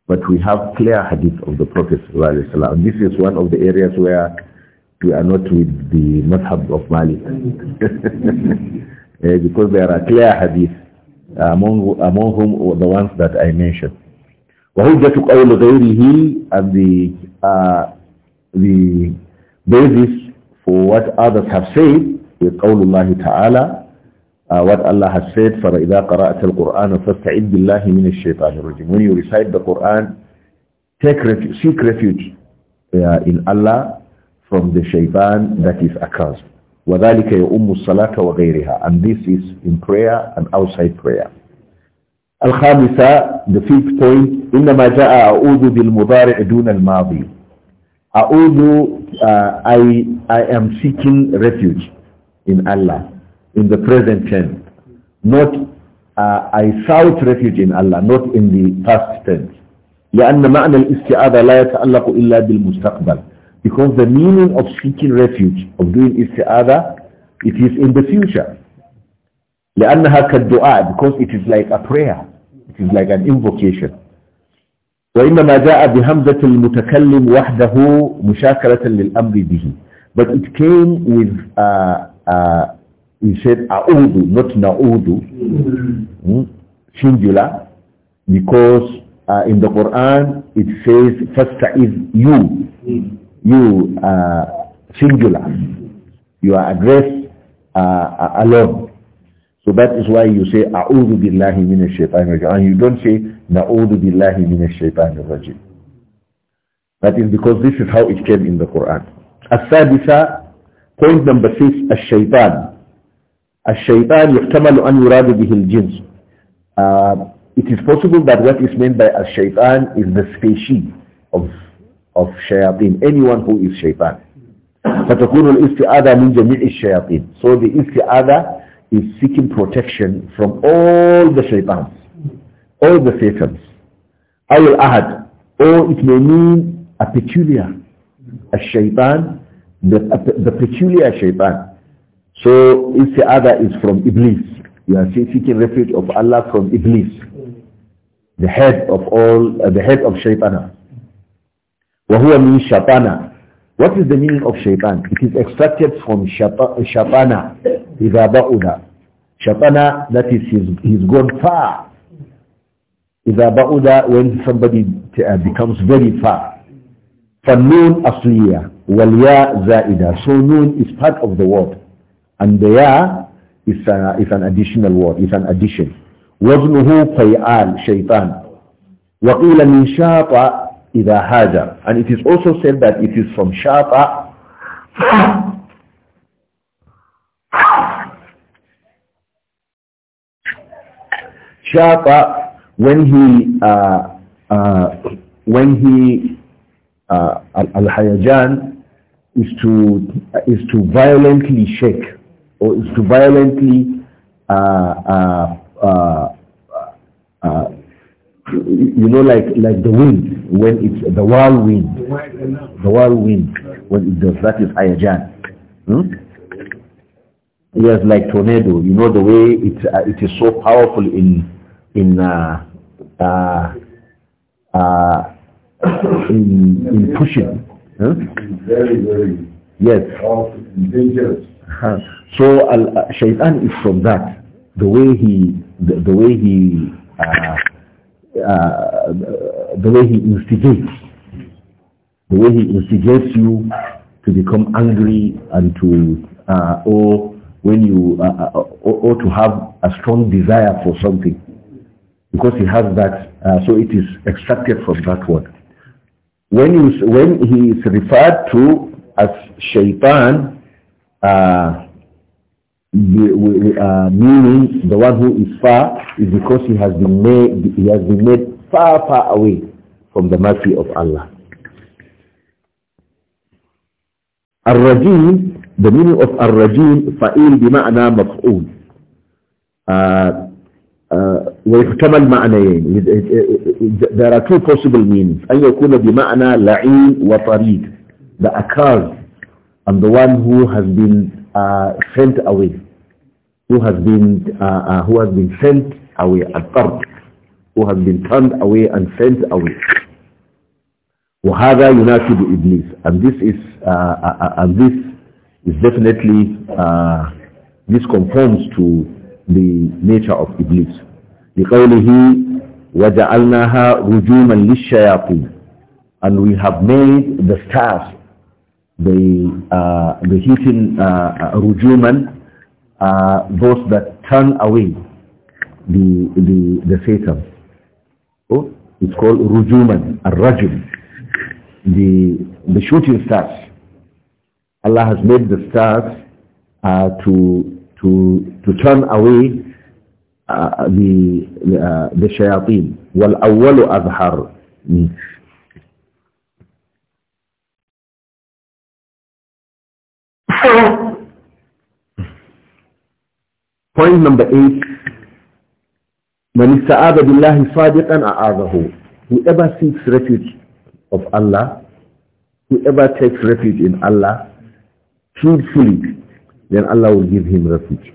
But we have clear hadith of the Prophet This is one of the areas where we are not with the madhab of Malik. Eh, because there are clear hadith among, among whom the ones that I mentioned. وَهُجَّةُ قَوْلُ غَيْرِهِ And the, uh, the basis what others have said with qawlullahi ta'ala, uh, what Allah has said, for فَإِذَا قَرَأْتَ الْقُرْآنَ فَاسْتَعِذْ بِاللَّهِ مِنَ الشَّيْطَانِ الرَّجِيمِ When you recite the Qur'an, take refuge, seek refuge uh, in Allah from the shaitan that is accursed. وَذَلِكَ يَؤُمُّ الصَّلَاةَ وَغَيْرِهَا And this is in prayer and outside prayer. الخامسة, the fifth point, إِنَّمَا جَاءَ أَعُوذُ بِالْمُضَارِعِ دُونَ الْمَاضِي Although uh, I, I am seeking refuge in Allah, in the present tense. Not, uh, I sought refuge in Allah, not in the past tense. لأن معنى الاستعاذة لا يتعلق إلا بالمستقبل. Because the meaning of seeking refuge, of doing istiada, it is in the future. لأنها كالدعاء because it is like a prayer. It is like an invocation. وإنما جاء بهمزة المتكلم وحده مشاكلة للأمر به but it came with uh, uh, he said أعوذ not نعوذ hmm? singular because uh, in the Quran it says فاستعذ you you uh, singular you are addressed uh, alone So that is why you say, A'udhu billahi minash shaitanir rajim. And you don't say, Na'udhu billahi minash shaitanir rajim. That is because this is how it came in the Quran. السادسة point number six الشيطان Shaytan. يحتمل أن يراد به الجنس uh, it is possible that what is meant by a Shaytan is the species of of shayateen, anyone who is Shaytan. فتكون الاستعاذة من جميع الشياطين. So the isti'ada is seeking protection from all the shaitans, all the satans. will add, or it may mean a peculiar, a shaitan, the, a, the peculiar shaitan. So if the other is from Iblis, you are seeking refuge of Allah from Iblis, the head of all, uh, the head of shaitana. وَهُوَ مِنْ شَطَانَ What is the meaning of shaitan? It is extracted from shata, shatana, إذا bauda Shatana, that is he's, he's gone far. إذا بعد when somebody uh, becomes very far. فالنون أصلية والياء zaida. So noon is part of the word. And the ya is, uh, is an additional word, is an addition. وزنه فيعال شيطان. وقيل min شاطع إذا haja, And it is also said that it is from شاطع Shafa, when he, uh, uh, when he, uh, al-hayajan is to, is to violently shake or is to violently, uh, uh, uh, you know, like, like the wind, when it's the whirlwind, the whirlwind, when it does, that is hayajan. Hmm? Yes, like tornado. You know the way it uh, it is so powerful in in uh, uh, uh, in, in pushing. Huh? Very, very yes. Dangerous. Uh-huh. so uh, Shaitan is from that. The way he, the, the way he, uh, uh, the way he instigates, the way he instigates you to become angry and to, uh, or when you, or, or to have a strong desire for something because he has that, uh, so it is extracted from that word. When, you, when he is referred to as shaitan, uh, uh, meaning the one who is far is because he has been made, he has been made far, far away from the mercy of Allah. Ar-Rajim, the meaning of Ar-Rajim, fa'il bi بمعنى مفعول uh, ويحتمل معنيين there are two possible meanings أن يكون بمعنى لعين وطريق the accursed and the one who has been uh, sent away who has been uh, uh, who has been sent away الطرد who has been turned away and sent away وهذا يناسب إبليس and this is uh, uh, uh, and this is definitely this conforms to the nature of Iblis. بِقَوْلِهِ وَجَعَلْنَاهَا رُجُومًا لِلشَّيَاطِينَ And we have made the stars, the, uh, the heating uh, uh rujuman, uh, those that turn away the, the, the Satan. Oh, it's called rujuman, a rajum the, the shooting stars. Allah has made the stars uh, to to, to turn away uh, the, uh, the shayateen. وَالْأَوَّلُ أَظْهَرُ means Point number eight. من استعاذ بالله صادقا أعاذه. Whoever seeks refuge of Allah, whoever takes refuge in Allah, truthfully then Allah will give him refuge.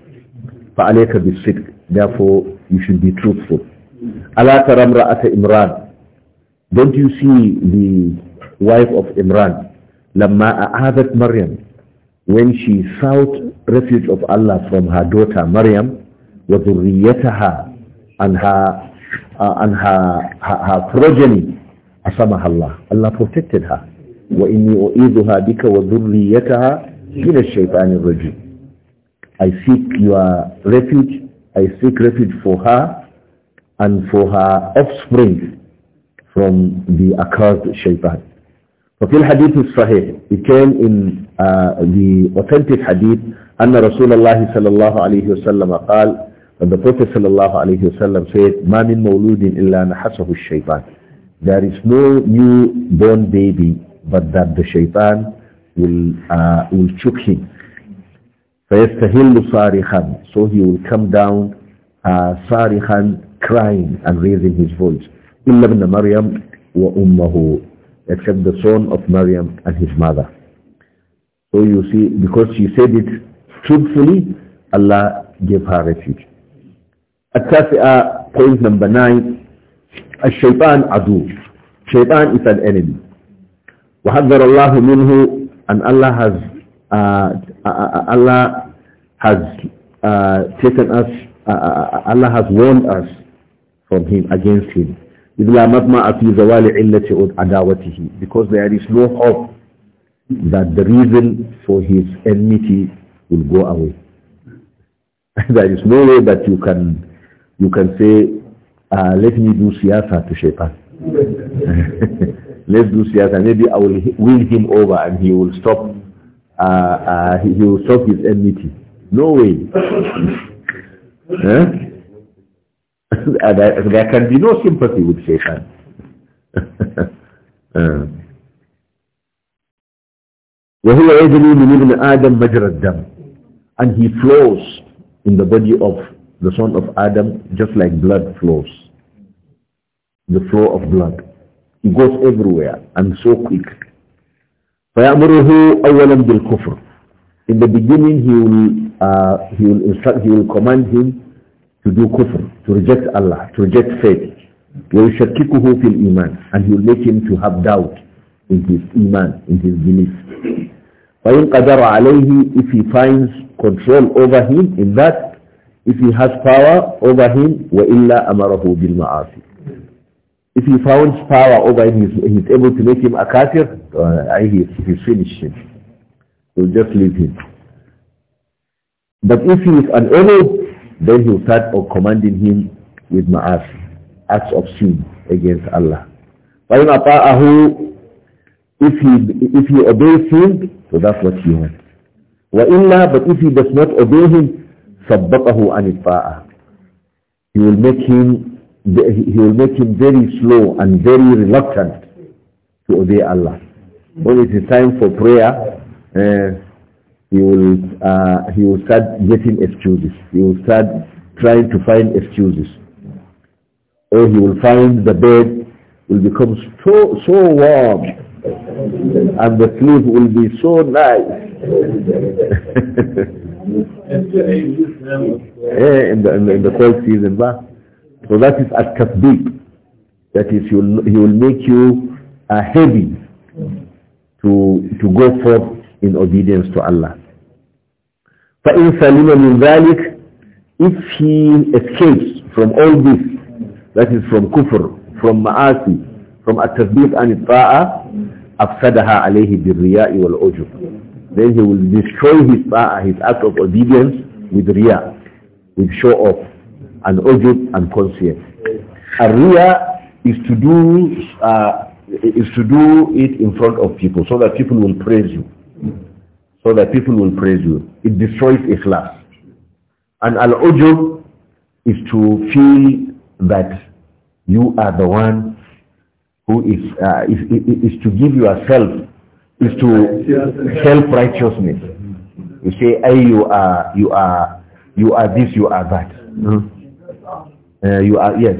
فَعَلَيْكَ بِالصِّدْقِ Therefore, you should be truthful. أَلَا تَرَ امْرَأَةَ إِمْرَانِ Don't you see the wife of Imran? لَمَّا أَعَاذَتْ مَرْيَمْ When she sought refuge of Allah from her daughter Maryam, وَذُرِّيَّتَهَا and her, uh, and her, her, her progeny, أَسَمَهَا Allah. Allah protected her. وَإِنِّي أُعِيذُهَا بِكَ وَذُرِّيَّتَهَا من الشيطان الرجيم I seek your refuge. I seek refuge for her and for her offspring from the accursed shaitan. وفي الحديث الصحيح it came in uh, the authentic hadith أن رسول الله صلى الله عليه وسلم قال the Prophet صلى الله عليه وسلم said ما من مولود إلا نحسه الشيطان there is no born baby but that the shaitan will, uh, will choke him فَيَسْتَهِلُّ صَارِخًا So he will come down uh, صَارِخًا crying and raising his voice. إِلَّا ابْنَ مَرْيَمْ وَأُمَّهُ Except the son of Maryam and his mother. So you see, because she said it truthfully, Allah gave her refuge. التاسعة point number nine الشيطان عدو Shaitan is an enemy. وحذر الله منه and Allah has uh, uh, uh, Allah has taken us, Allah has warned us from him, against him. Because there is no hope that the reason for his enmity will go away. there is no way that you can you can say, uh, let me do siyasa to shaitan. Let's do siyasa. Maybe I will win him over and he will stop uh, uh, he, he will stop his enmity. No way. there, eh? there, can be no sympathy with Shaitan. Eh. وهو يجري من ابن آدم مجرى الدم and he flows in the body of the son of Adam just like blood flows the flow of blood it goes everywhere and so quick فَيَأْمُرُهُ أَوَّلًا بِالْكُفْرِ In the beginning, he will, uh, he will instruct, he will command him to do kufr, to reject Allah, to reject faith. وَيُشَكِّكُهُ فِي الْإِيمَانِ And he will make him to have doubt in his iman, in his belief. فَإِنْ قَدَرَ عَلَيْهِ If he finds control over him in that, if he has power over him, وَإِلَّا أَمَرَهُ بِالْمَعَاصِي if he found power over him, he's, he's able to make him a kafir, uh, he's, he's finished him. He'll just leave him. But if he is unable, then he'll start or commanding him with ma'as, acts of sin against Allah. فَإِنْ if he, if he obeys him, so that's what he wants. وَإِلَّا But if he does not obey him, صَبَّقَهُ عَنِ الطَّاعَةِ He will make him he will make him very slow and very reluctant to obey Allah. When it is time for prayer, uh, he will uh, he will start getting excuses. He will start trying to find excuses, or he will find the bed will become so so warm, and the sleep will be so nice. yeah, eh, in the in the, cold season, but. So that is at tasbih. That is, he will, he will make you a heavy to, to go forth in obedience to Allah. فَإِنْ سَلِمَ مِنْ ذَلِكَ If he escapes from all this, that is from kufr, from ma'asi, from at-tasbih and ta'a, أَفْسَدَهَا عَلَيْهِ بِالرِّيَاءِ وَالْعُجُبِ Then he will destroy his ta'a, his act of obedience with riya, with show off and audit and concierge. Aria is to do uh, is to do it in front of people so that people will praise you. So that people will praise you. It destroys class. And al-ujub is to feel that you are the one who is, uh, is, is, is to give yourself, is to self-righteousness. You say, hey, you are, you are, you are this, you are that. Mm -hmm uh, you are, yes,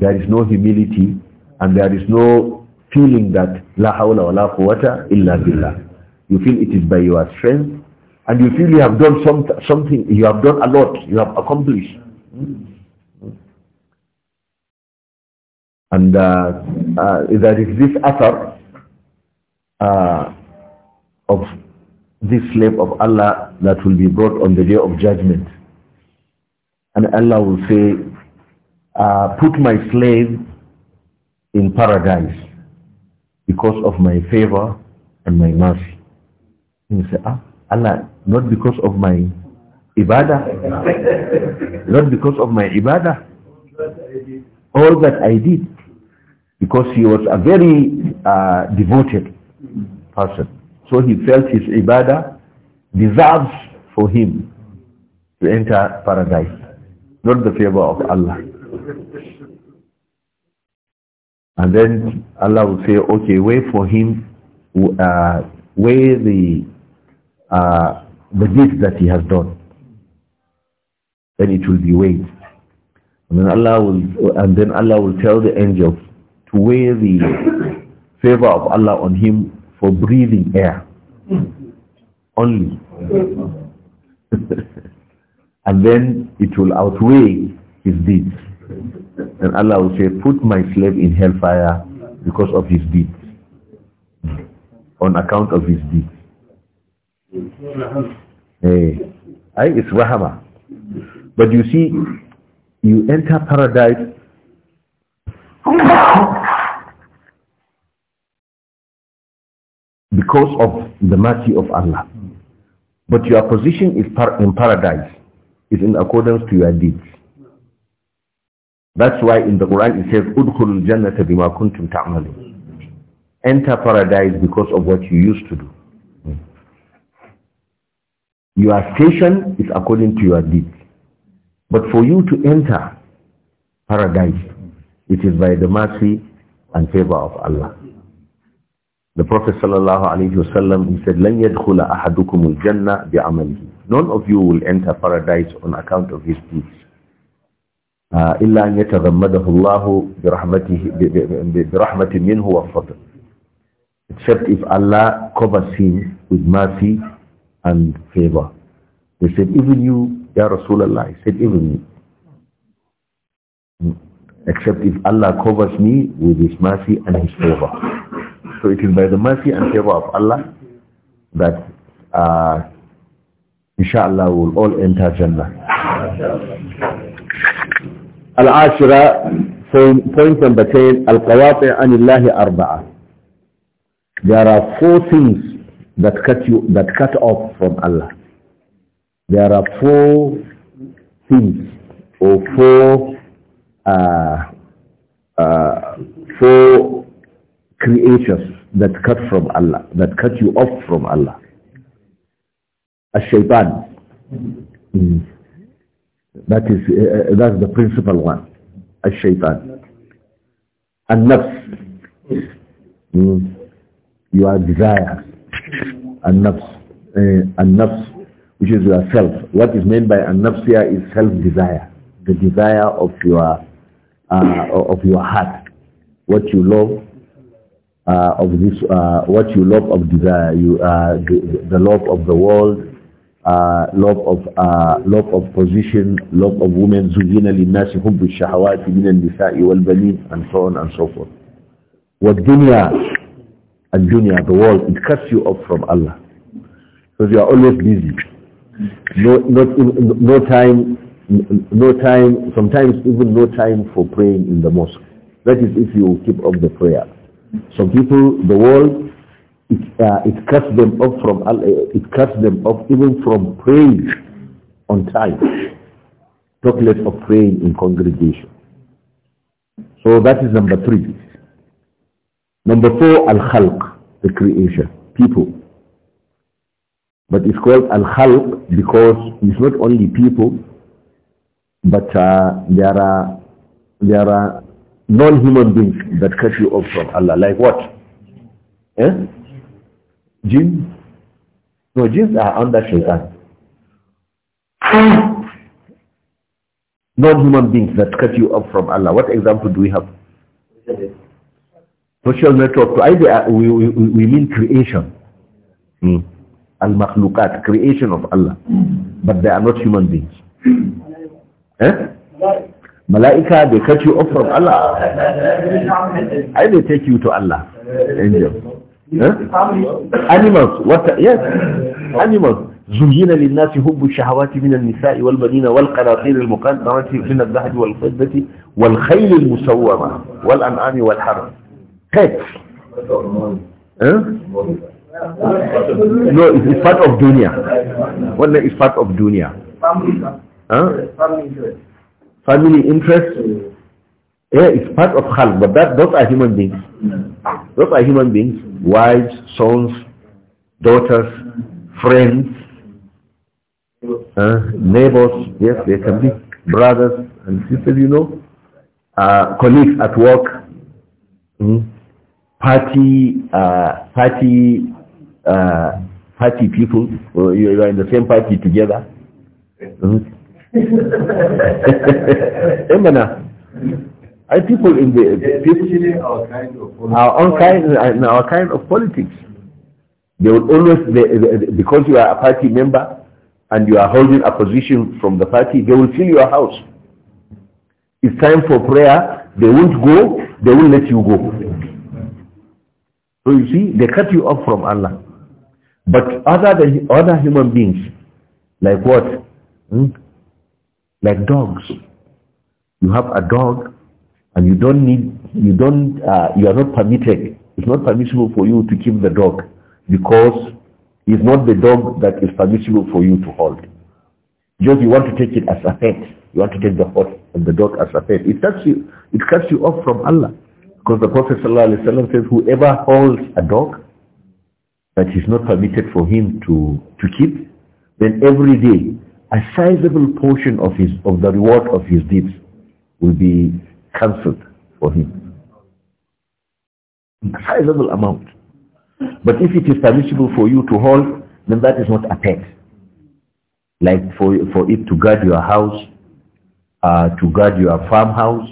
there is no humility and there is no feeling that la hawla wa la quwwata illa billah. You feel it is by your strength and you feel you have done some, something, you have done a lot, you have accomplished. And uh, uh, there is this author uh, of this slave of Allah that will be brought on the day of judgment. And Allah will say, uh, put my slave in paradise because of my favor and my mercy. And you say, ah, Allah, not because of my ibadah, not because of my ibadah, all that I did, because he was a very uh, devoted person. So he felt his ibadah deserves for him to enter paradise not the favor of Allah. And then Allah will say, okay, wait for him, uh, weigh the, uh, the deeds that he has done. Then it will be weighed. And then Allah will, and then Allah will tell the angels to weigh the favor of Allah on him for breathing air only. and then it will outweigh his deeds. And Allah will say, put my slave in hellfire because of his deeds, on account of his deeds. Hey. Eh, it's Rahama. But you see, you enter paradise because of the mercy of Allah. But your position is in paradise is in accordance to your deeds. That's why in the Quran it says, "Udkhulul jannata bima kuntum ta'malun." Enter paradise because of what you used to do. Your station is according to your deeds. But for you to enter paradise, it is by the mercy and favor of Allah. The Prophet sallallahu alaihi wasallam he said, None of you will enter paradise on account of his deeds. إلا أن يتغمده الله برحمة منه وفضل. Except if Allah covers him with mercy and favor. He said, even you, Ya Rasulullah. He said, even me. Hmm. Except if Allah covers me with his mercy and his favor. So it is by the mercy and favor of Allah that uh, inshallah we'll all enter Jannah. Al-Ashira, point number 10, Al-Qawati' anillahi arba'a. There are four things that cut you, that cut off from Allah. There are four things or four, uh, uh, four creatures that cut from Allah, that cut you off from Allah. Ash-shaytan. Mm. That is, uh, uh that's the principal one. Ash-shaytan. An-nafs. Mm. Your desire. An-nafs. Uh, an-nafs, which is yourself. What is meant by an-nafs here is self-desire. The desire of your, uh, of your heart. What you love, uh, of this, uh, what you love of desire, you, uh, the, the, love of the world, uh, love of uh, love of position, love of women, زُيِّنَ لِلنَّاسِ حُبُّ الشَّهَوَاتِ مِنَ النِّسَاءِ وَالْبَنِينَ and so on and so forth. وَالدُّنْيَا and dunya, the world, it cuts you off from Allah. Because you are always busy. No, not, no time, no time, sometimes even no time for praying in the mosque. That is if you keep up the prayer. Some people, the world, it, uh, it cuts them off from uh, it cuts them off even from praying on time. Talk less of praying in congregation. So that is number three. Number four, al-khalq, the creation, people. But it's called al-khalq because it's not only people, but uh, there are there are non-human beings that cut you off from Allah. Like what? Eh? Jinn? No, jinns are under shaitan. non-human beings that cut you off from Allah. What example do we have? Social network. Either we, we, we mean creation. Hmm. Al-makhlukat, creation of Allah. But they are not human beings. eh? mala'ika they cut you from Allah ai they take you to Allah angel animals what yes animals زين للناس حب الشهوات من النساء والبنين والقناطير المقنطرة من الذهب والفضة والخيل المسومة والأنعام والحرم pets huh? no it's part of dunya wannan is part of dunya huh? family interest. Yeah, it's part of khalq, but that, those are human beings. Those are human beings, wives, sons, daughters, friends, uh, neighbors, yes, they can be brothers and sisters, you know, uh, colleagues at work, mm, party, uh, party, uh, party people, uh, you are in the same party together. Mm Imana. Eh, I people in the people, our kind of politics. our own kind in our kind of politics. They will always they, they, because you are a party member and you are holding a position from the party, they will fill your house. It's time for prayer. They won't go. They will let you go. So you see, they cut you off from Allah. But other than other human beings, like what? Hmm? like dogs. You have a dog and you don't need, you don't, uh, you are not permitted. It's not permissible for you to keep the dog because it's not the dog that is permissible for you to hold. Just you want to take it as a pet. You want to take the horse and the dog as a pet. It cuts you, it cuts you off from Allah. Because the Prophet ﷺ says, whoever holds a dog that is not permitted for him to, to keep, then every day a sizable portion of his of the reward of his deeds will be cancelled for him. A sizable amount. But if it is permissible for you to hold, then that is not a pet. Like for, for it to guard your house, uh, to guard your farmhouse,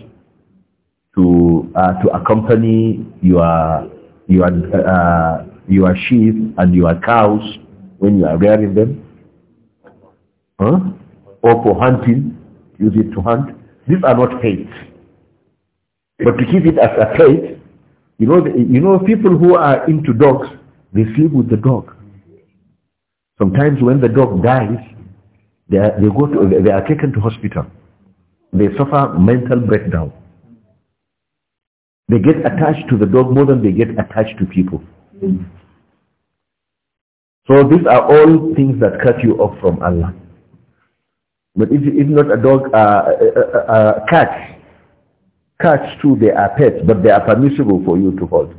to, uh, to accompany your, your, uh, your sheep and your cows when you are rearing them, huh? or for hunting, use it to hunt. These are not hate. But to keep it as a pet. you know, you know people who are into dogs, they sleep with the dog. Sometimes when the dog dies, they are, they go to, they are taken to hospital. They suffer mental breakdown. They get attached to the dog more than they get attached to people. Mm. So these are all things that cut you off from Allah. But if, if not a dog, uh, a, a, cat, cats too, they are pets, but they are permissible for you to hold.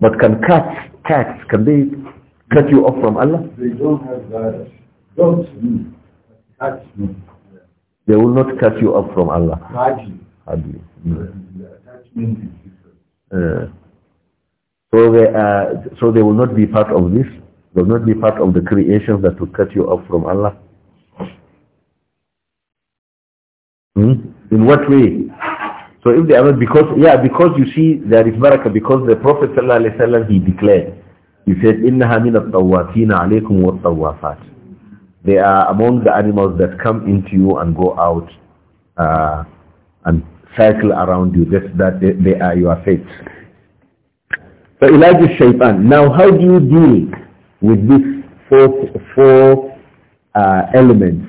But can cats, cats, can they cut you off from Allah? They don't have that. Uh, dogs do. Cats do. They will not cut you off from Allah. Hardly. Hardly. Mm. Uh, so they so they will not be part of this. They will not be part of the creations that will cut you off from Allah. Hmm? In what way? So if they are because, yeah, because you see there is barakah, because the Prophet Wasallam he declared, he said, إِنَّهَا مِنَ الطَّوَّافِينَ عَلَيْكُمْ وَالطَّوَّافَاتِ They are among the animals that come into you and go out uh, and cycle around you. that they, they are your fate. So Elijah Shaitan. Now how do you deal with these four, four uh, elements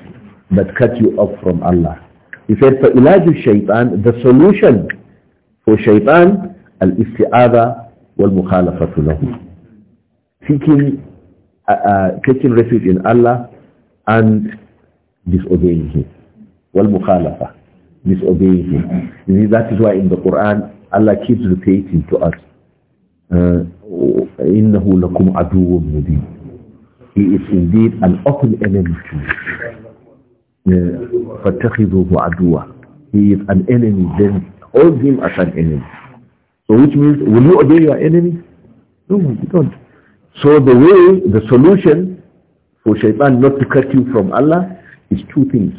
that cut you off from Allah? He said, فَإِلَاجُ shaitan, The solution for shaitan, al والمخالفة wal-mukhalafatu lahu. Seeking, uh, uh, taking refuge in Allah and disobeying Him. Wal-mukhalafa. Disobeying Him. You see, that is why in the Quran, Allah keeps repeating to us, إِنَّهُ لَكُمْ عَدُوٌ مُبِينٌ He is indeed an open enemy to you. فَاتَّخِذُوهُ عَدُوًا He is an enemy, then hold him as an enemy. So which means, will you obey your enemy? No, you don't. So the way, the solution for shaitan not to cut you from Allah is two things.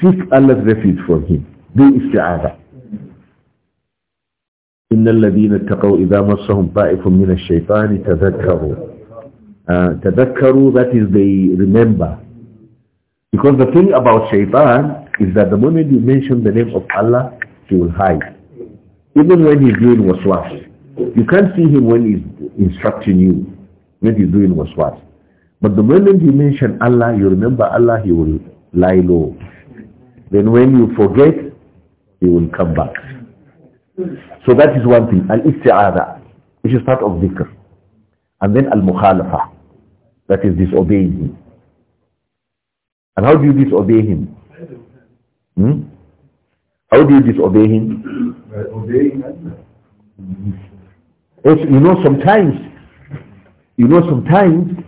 Seek Allah's refuge from him. Do isti'adah. إن الذين اتقوا إذا مسهم طائف من الشيطان تذكروا uh, تذكروا that is they remember Because the thing about shaitan is that the moment you mention the name of Allah, he will hide. Even when he's doing waswas. You can't see him when he's instructing you, when he's doing waswas. But the moment you mention Allah, you remember Allah, he will lie low. Then when you forget, he will come back. So that is one thing. al other, which is part of dhikr. And then al-mukhalafa, that is disobeying him. And how do you disobey him? Hmm? How do you disobey him? obeying you know sometimes, you know sometimes,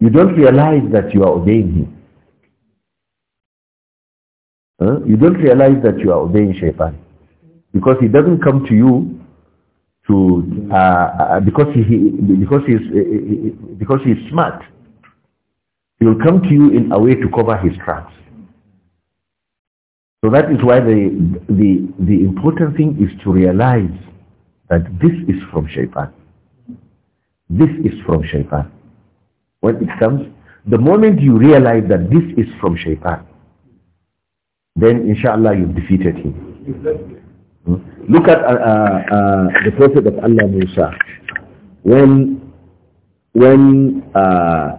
you don't realize that you are obeying him. Huh? You don't realize that you are obeying Shaitan. Because he doesn't come to you to, uh, uh, because he, he, because he's, uh, because he's smart. He will come to you in a way to cover his tracks. So that is why the, the, the important thing is to realize that this is from shaitan. This is from shaitan. When it comes, the moment you realize that this is from shaitan, then inshallah you've defeated him. Hmm? Look at uh, uh, uh, the Prophet of Allah Musa. When, when uh,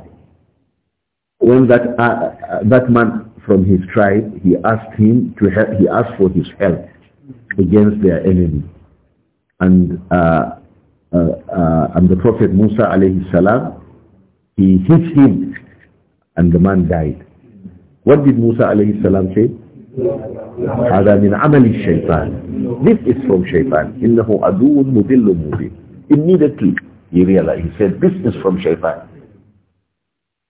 when that uh, uh, that man from his tribe, he asked him to help, he asked for his help against their enemy, and uh, uh, uh and the Prophet Musa alayhi salam, he hit him, and the man died. What did Musa alayhi salam say? هذا من عمل الشيطان. This is from Shaytan. إنه عدو مضل مبين. Immediately he realized. He said, this is from Shaytan.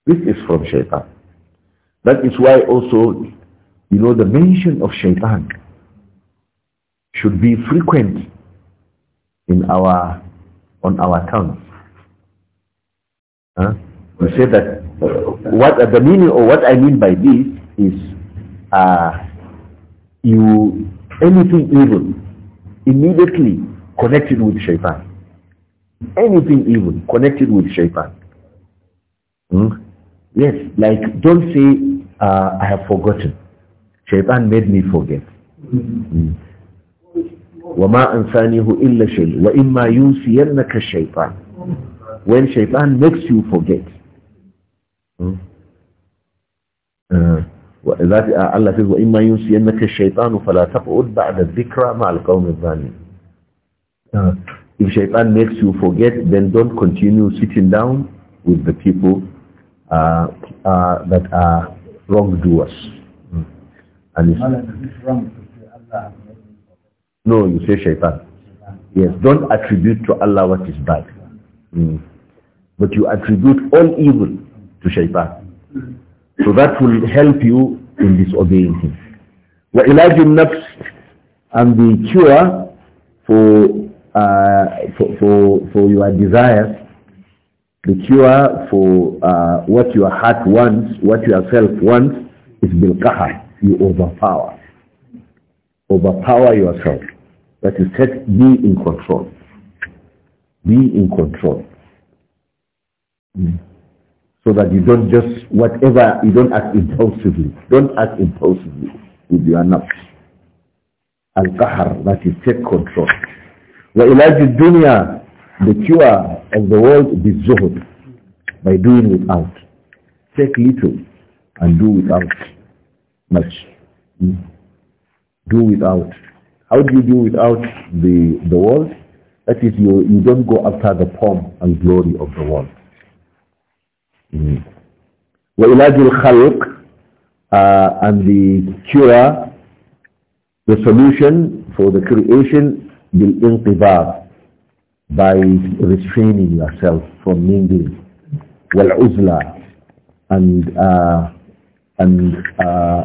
This is from shaitan. That is why also, you know, the mention of shaitan should be frequent in our, on our tongue. Huh? We say that what uh, the meaning or what I mean by this is uh, you anything evil immediately connected with shaitan. Anything evil connected with shaitan. Hmm? Yes, like don't say, uh, I have forgotten. Shaitan made me forget. Mm. وَمَا أَنْسَانِهُ إِلَّا شَيْءٍ وَإِمَّا يُنْسِيَنَّكَ الشَّيْطَانِ When shaitan makes you forget. Hmm? Uh, that, uh, Allah says, وَإِمَّا يُنْسِيَنَّكَ الشَّيْطَانُ فَلَا تَقْعُدْ بَعْدَ الذِّكْرَ مَعَ الْقَوْمِ الظَّالِمِينَ If shaitan makes you forget, then don't continue sitting down with the people uh, uh, that are wrongdoers. Hmm. no, you say shaitan. Yes, don't attribute to Allah what is bad. Mm. But you attribute all evil to shaitan. So that will help you in disobeying him. وَعِلَاجُ النَّفْسِ And the cure for, uh, for, for, for your desires the cure for uh, what your heart wants, what yourself wants, is bilqaha. You overpower. Overpower yourself. That is, just be in control. Be in control. Mm. So that you don't just, whatever, you don't act impulsively. Don't act impulsively with your nafs. Al-qahar, that is, take control. وَإِلَاجِ الدُّنْيَا the cure of the world is zuhud, by doing without. Take little and do without much. Hmm? Do without. How do you do without the, the world? That is, you, you don't go after the pomp and glory of the world. Mm. وَإِلَاجُ uh, and the cure, the solution for the creation, the inqibab by restraining yourself from mingling. Wal-uzla and uh, and uh,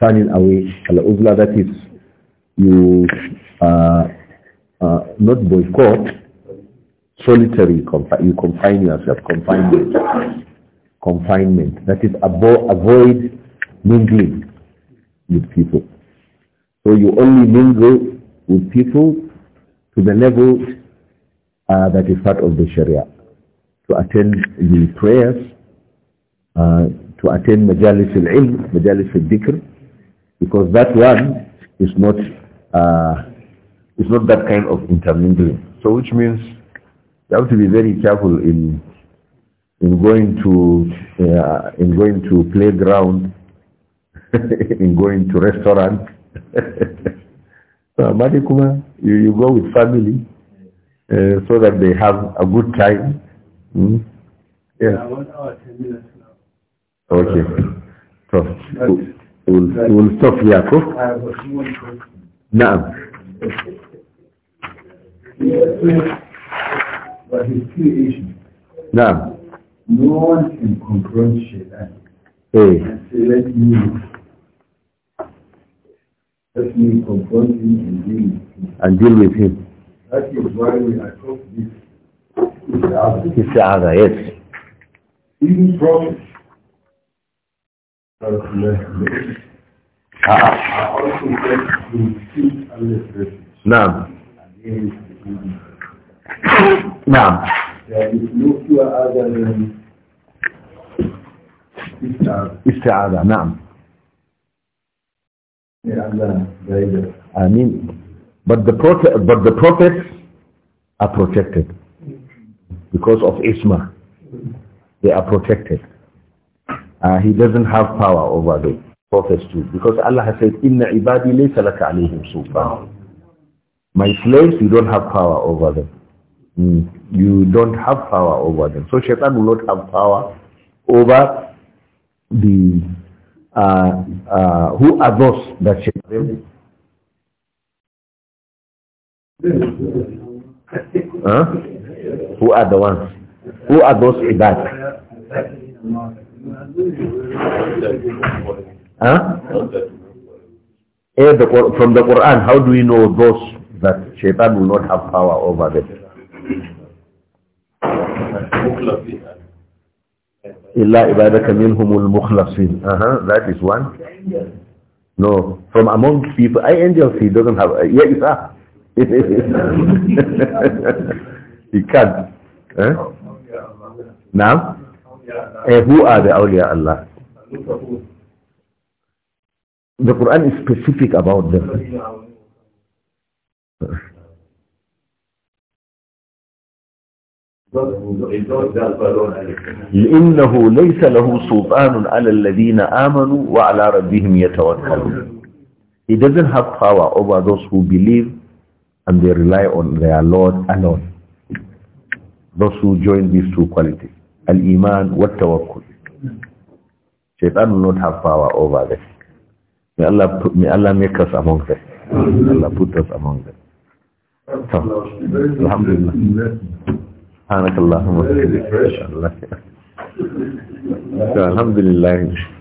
turning away. Al-uzla that is you uh, uh, not boycott, solitary confi you confine yourself, confinement, confinement. That is avoid mingling with people. So you only mingle with people to the level uh, that is part of the Sharia. To attend the prayers, uh, to attend Majalis al-Ilm, Majalis al Dikr, because that one is not, uh, is not that kind of intermingling. So which means you have to be very careful in, in going to, uh, in going to playground, in going to restaurant. so Madikuma, you, you go with family, uh, so that they have a good time. Hmm? Yes. Yeah, one hour, ten minutes now. Okay. So we'll, we'll stop here, Cook. Now. But Now. No one can confront Shaitan hey. and say, let me let me confront him and deal with him. And deal with him. That is why we are taught this. Istiaza, yes. Even prophets are also said to seek Allah's refuge. No. No. There is no cure other than Istiaza. Istiaza, نعم. May Allah guide us. Ameen. But the, but the prophets are protected because of Isma. They are protected. Uh, he doesn't have power over the prophets too. Because Allah has said, Inna ibadi laysa laka alayhim sultan. My slaves, you don't have power over them. Mm. You don't have power over them. So shaitan will not have power over the, uh, uh, who are those that shaitan Huh? Who are the ones? Who are those ibad? Huh? Eh, from the Quran, how do we know those that shaitan will not have power over them? Illa ibadaka minhumul mukhlasin. Uh-huh, that is one. No, from among people, I angels he doesn't have, uh, yeah, he can't eh? نعم eh, who are the Aulia Allah the Quran is specific about them لإنه ليس له سلطان على الذين آمنوا وعلى ربهم يتوكلون He doesn't have power over those who believe and they rely on their Lord alone. Those who join these two qualities, al-iman wa tawakkul. Shaitan will not have power over them. May Allah, put, may Allah make us among them. May Allah put us among them. So, Alhamdulillah. سبحانك Alhamdulillah.